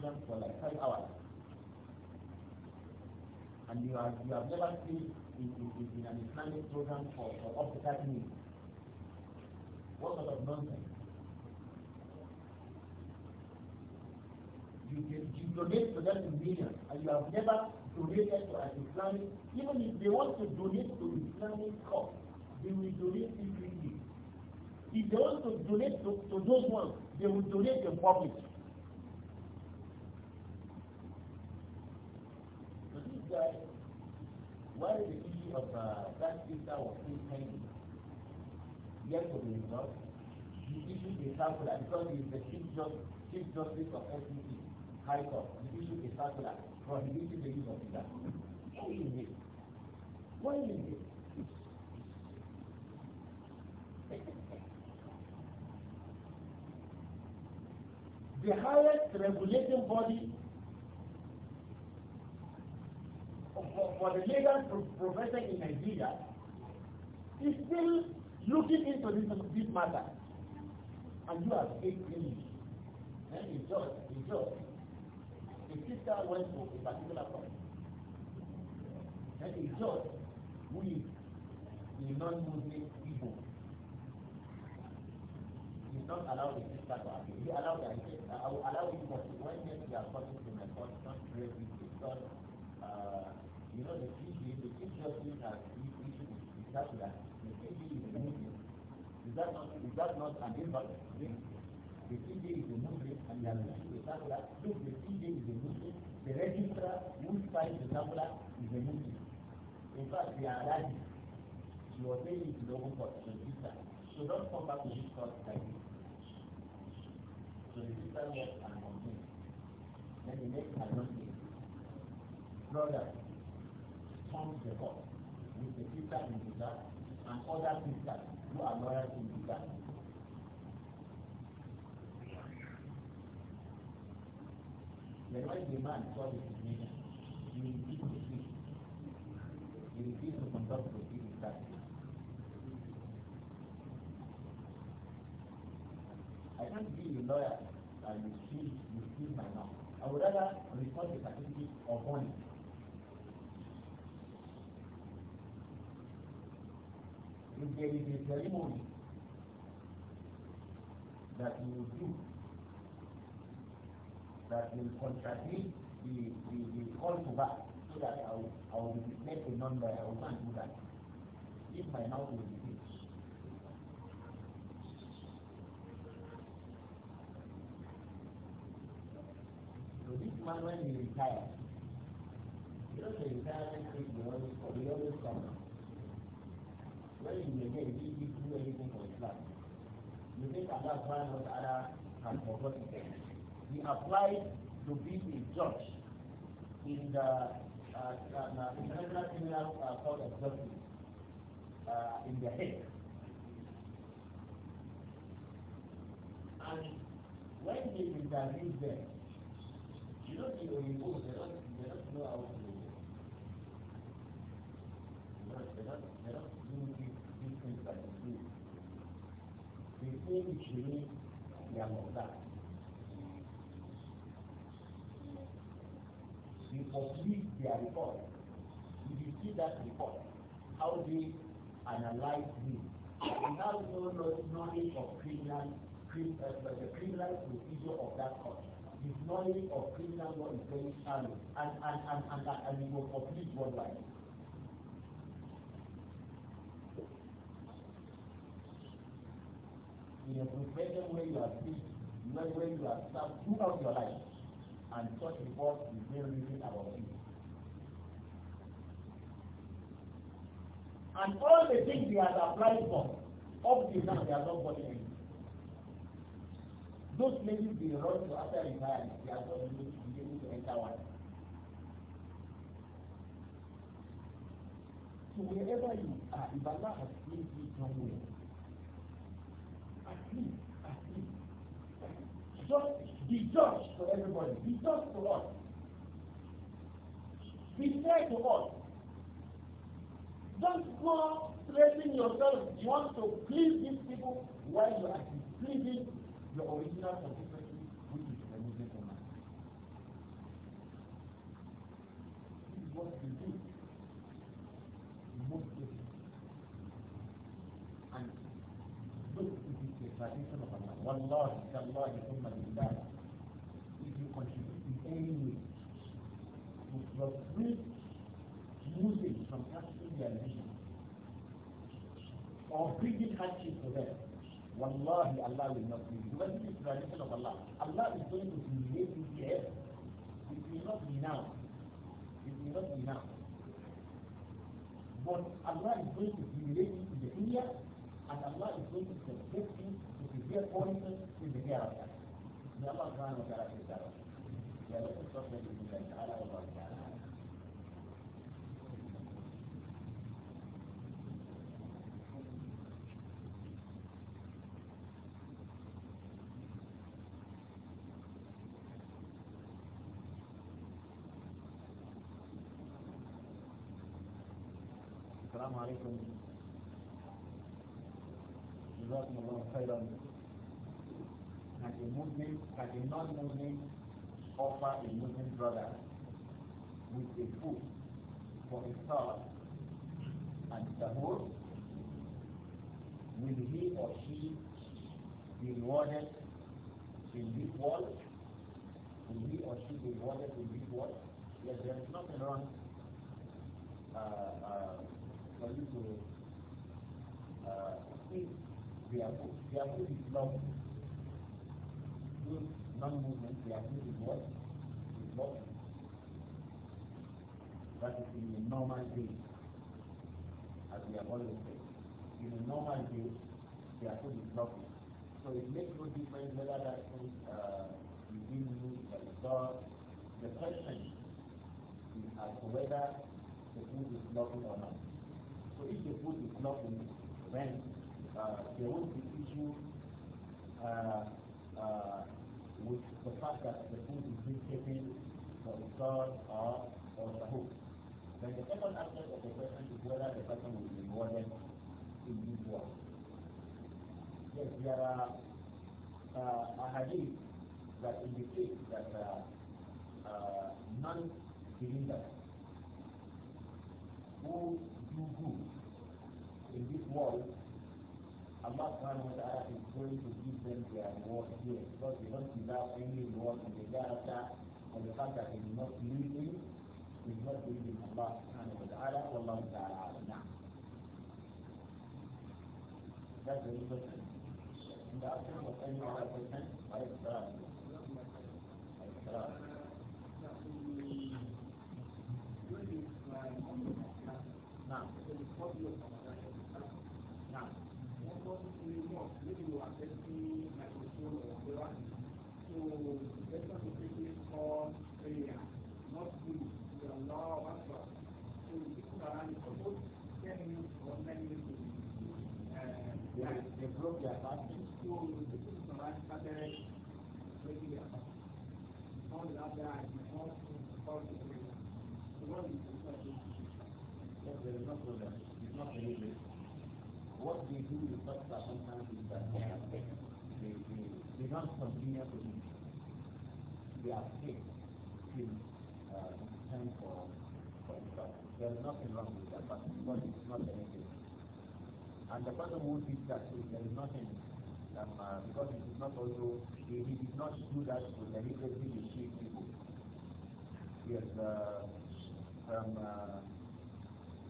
for like five hours. And you have, you have never seen in, in, in an Islamic program for, for up to 30 minutes. What sort of nonsense? You, can, you donate to them in millions, and you have never donated to an Islamic, even if they want to donate to Islamic cause, they will donate secretly. If they want to donate to, to those ones, they will donate in public. that while the issue of uh, that sister was still pending, yet to be resolved, the issue is circular because it is the chief justice, chief justice of SEC, High Court. The issue is circular prohibiting the use of sister. What is it? Why is it? The highest regulating body for, for the legal profession in Nigeria is still looking into this, this matter. And you have eight minutes. Then the judge, the judge, the sister went to a particular court. Then the judge, who is a non-Muslim Igbo, is not allow the sister to appeal. He allowed the, I will uh, allow him, but when they are talking to my court, not really, it's not you know, the TV, the TV just looks at is that that the is Is that not, is that not an invalid thing? The TV is the movie and you have an issue Look, the TV is the movie. The registrar who signs the Sakura is movie. In fact, we are lying. She was saying it to the open court, the sister. So don't come back to this court like this. So the sister was an complaint. Then the next had not Brother, forms the with the teacher in Giza and other teachers who are The right demand for the situation, you conduct the I can't be a lawyer and you see, you see my mouth. I would rather report the certificate of warning if ceremony that you will do that will contradict the, the, the call to back so that I will, I will reflect a number, I will not do that. If my mouth will be fixed. So this man when he retired, you know not retire thing, he always, he always comes when you negate, you didn't do anything for Islam. You think Allah subhanahu wa ta'ala has forgotten them. He applied to be a judge in the uh, uh, International Criminal uh, Court of Justice uh, in The Hague. And when they interviewed there, you know the Oyibo, they don't, they don't know how to do it. They do they don't méjì ní ìyàwó gbà. They complete their report. you see that report, how they analyze me. Without no knowledge of criminal, crim, uh, the criminal procedure of that court, his knowledge of criminal law is very shallow and, and, and, and, and, and it will complete worldwide. in a profession where you are sick, not where you are staff throughout your life. And such reports is very little about you. And all the things he has applied for, up to now they are not gotten anything. Those ladies they run to after retirement, they are not able to be able to enter one. So wherever you are, if Allah has placed you somewhere, just be just for everybody. Be just for us. Be fair to us. Don't go threatening yourself. You want to please these people while you are pleasing your original constituency, which is the This is what violation of Allah. Wallahi, Allah, tallahi, thumma billah. If you contribute in any way to prohibit Muslims from practicing their religion or bringing hardship for them, Wallahi, Allah will not be. Because this is tradition of Allah. Allah is going to be humiliate you here. It will not be now. It will not be now. But Allah is going to be you to the dunya, and Allah is going to their voices in the galaxy. May Allah subhanahu wa ta'ala take that away. Yeah, let us trust in Allah ta'ala wa Allah ta'ala. السلام عليكم جزاكم الله خيرا can a non-Muslim offer a Muslim brother with a food for a salah and sahur? Will he or she be rewarded in this world? Will he or she be rewarded in this world? Yes, there is nothing wrong uh, uh, for you to uh, eat their we are food is love exclude non-movement, we are doing what? With what? That is in a normal day, as we have always said. In a normal day, they are food is blocking. So it makes no difference whether that food uh, is being used by the dog. The question is as to whether the food is blocking or not. So if the food is blocking, then uh, there won't be issue uh, uh, with the fact that the food is being taken for the God or for the hope. Then the second aspect of the question is whether the person will be rewarded in this world. Yes, there are uh, a hadith that indicates that uh, uh, non-believers who do good in this world Allah subhanahu wa ta'ala is going to give them their reward here because they don't deserve any reward in the hereafter and the fact that they do not believe in, they do not believe in Allah subhanahu wa ta'ala, Allah ta'ala alam. That's the question. In the absence of any other question, I am have What they do is that sometimes is that they, they, they, they not continue to eat. They are sick till uh, time for, for There is nothing wrong with that, but it's not anything. And the person who be that, there is nothing uh, because it is not also, he did not do that to deliberately deceive people. Yes, uh, from, um, uh,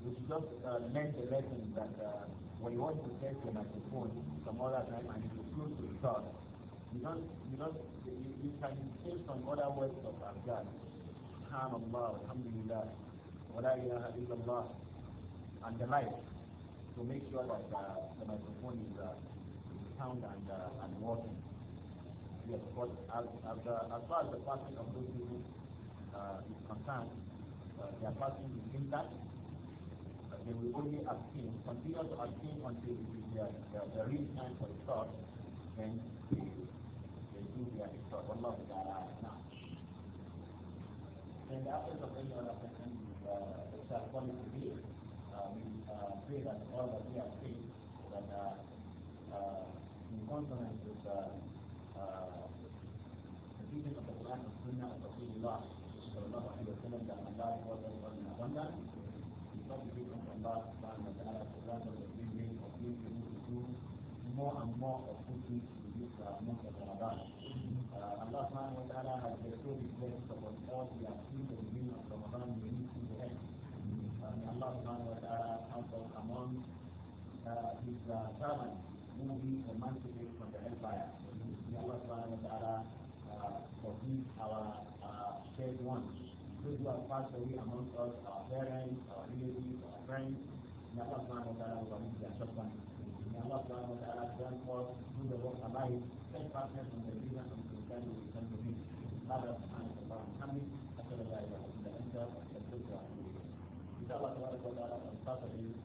we just uh, learned a lesson that uh, when you want to test the microphone some other time and you close to the thought, you don't, you don't, you, you can say some other words of Afghan. Subhanallah, Alhamdulillah, wa ilaha illallah, and the like to make sure that uh, the microphone is uh, sound and, uh, and worthy. Yes, but as, as, uh, as far as the passing of those people uh, is concerned, uh, their passing is intact. Uh, they will only abstain, continue to abstain until the, their their real time for the thought, then they, they do their thought. Allah Ta'ala now. And the prayer of the uh, the quality uh, we uh, pray that all that we are saying consonance with uh, uh, the of is that the of to do more and more uh, Uh, wa ta'ala the beginning of to uh, may wa ta'ala us among fire. May Allah subhanahu wa ta'ala forgive our uh, shared ones. Those who have passed away amongst us, our parents, our relatives, our friends, may Allah subhanahu wa ta'ala forgive their shortcomings. May Allah subhanahu wa ta'ala grant us through the work of life, set partners in the business and the family with some of you. هذا سبحانه وتعالى محمد أشهد أن لا إله إلا أنت أستغفرك وأتوب إليك. إن شاء الله تبارك وتعالى نستطيع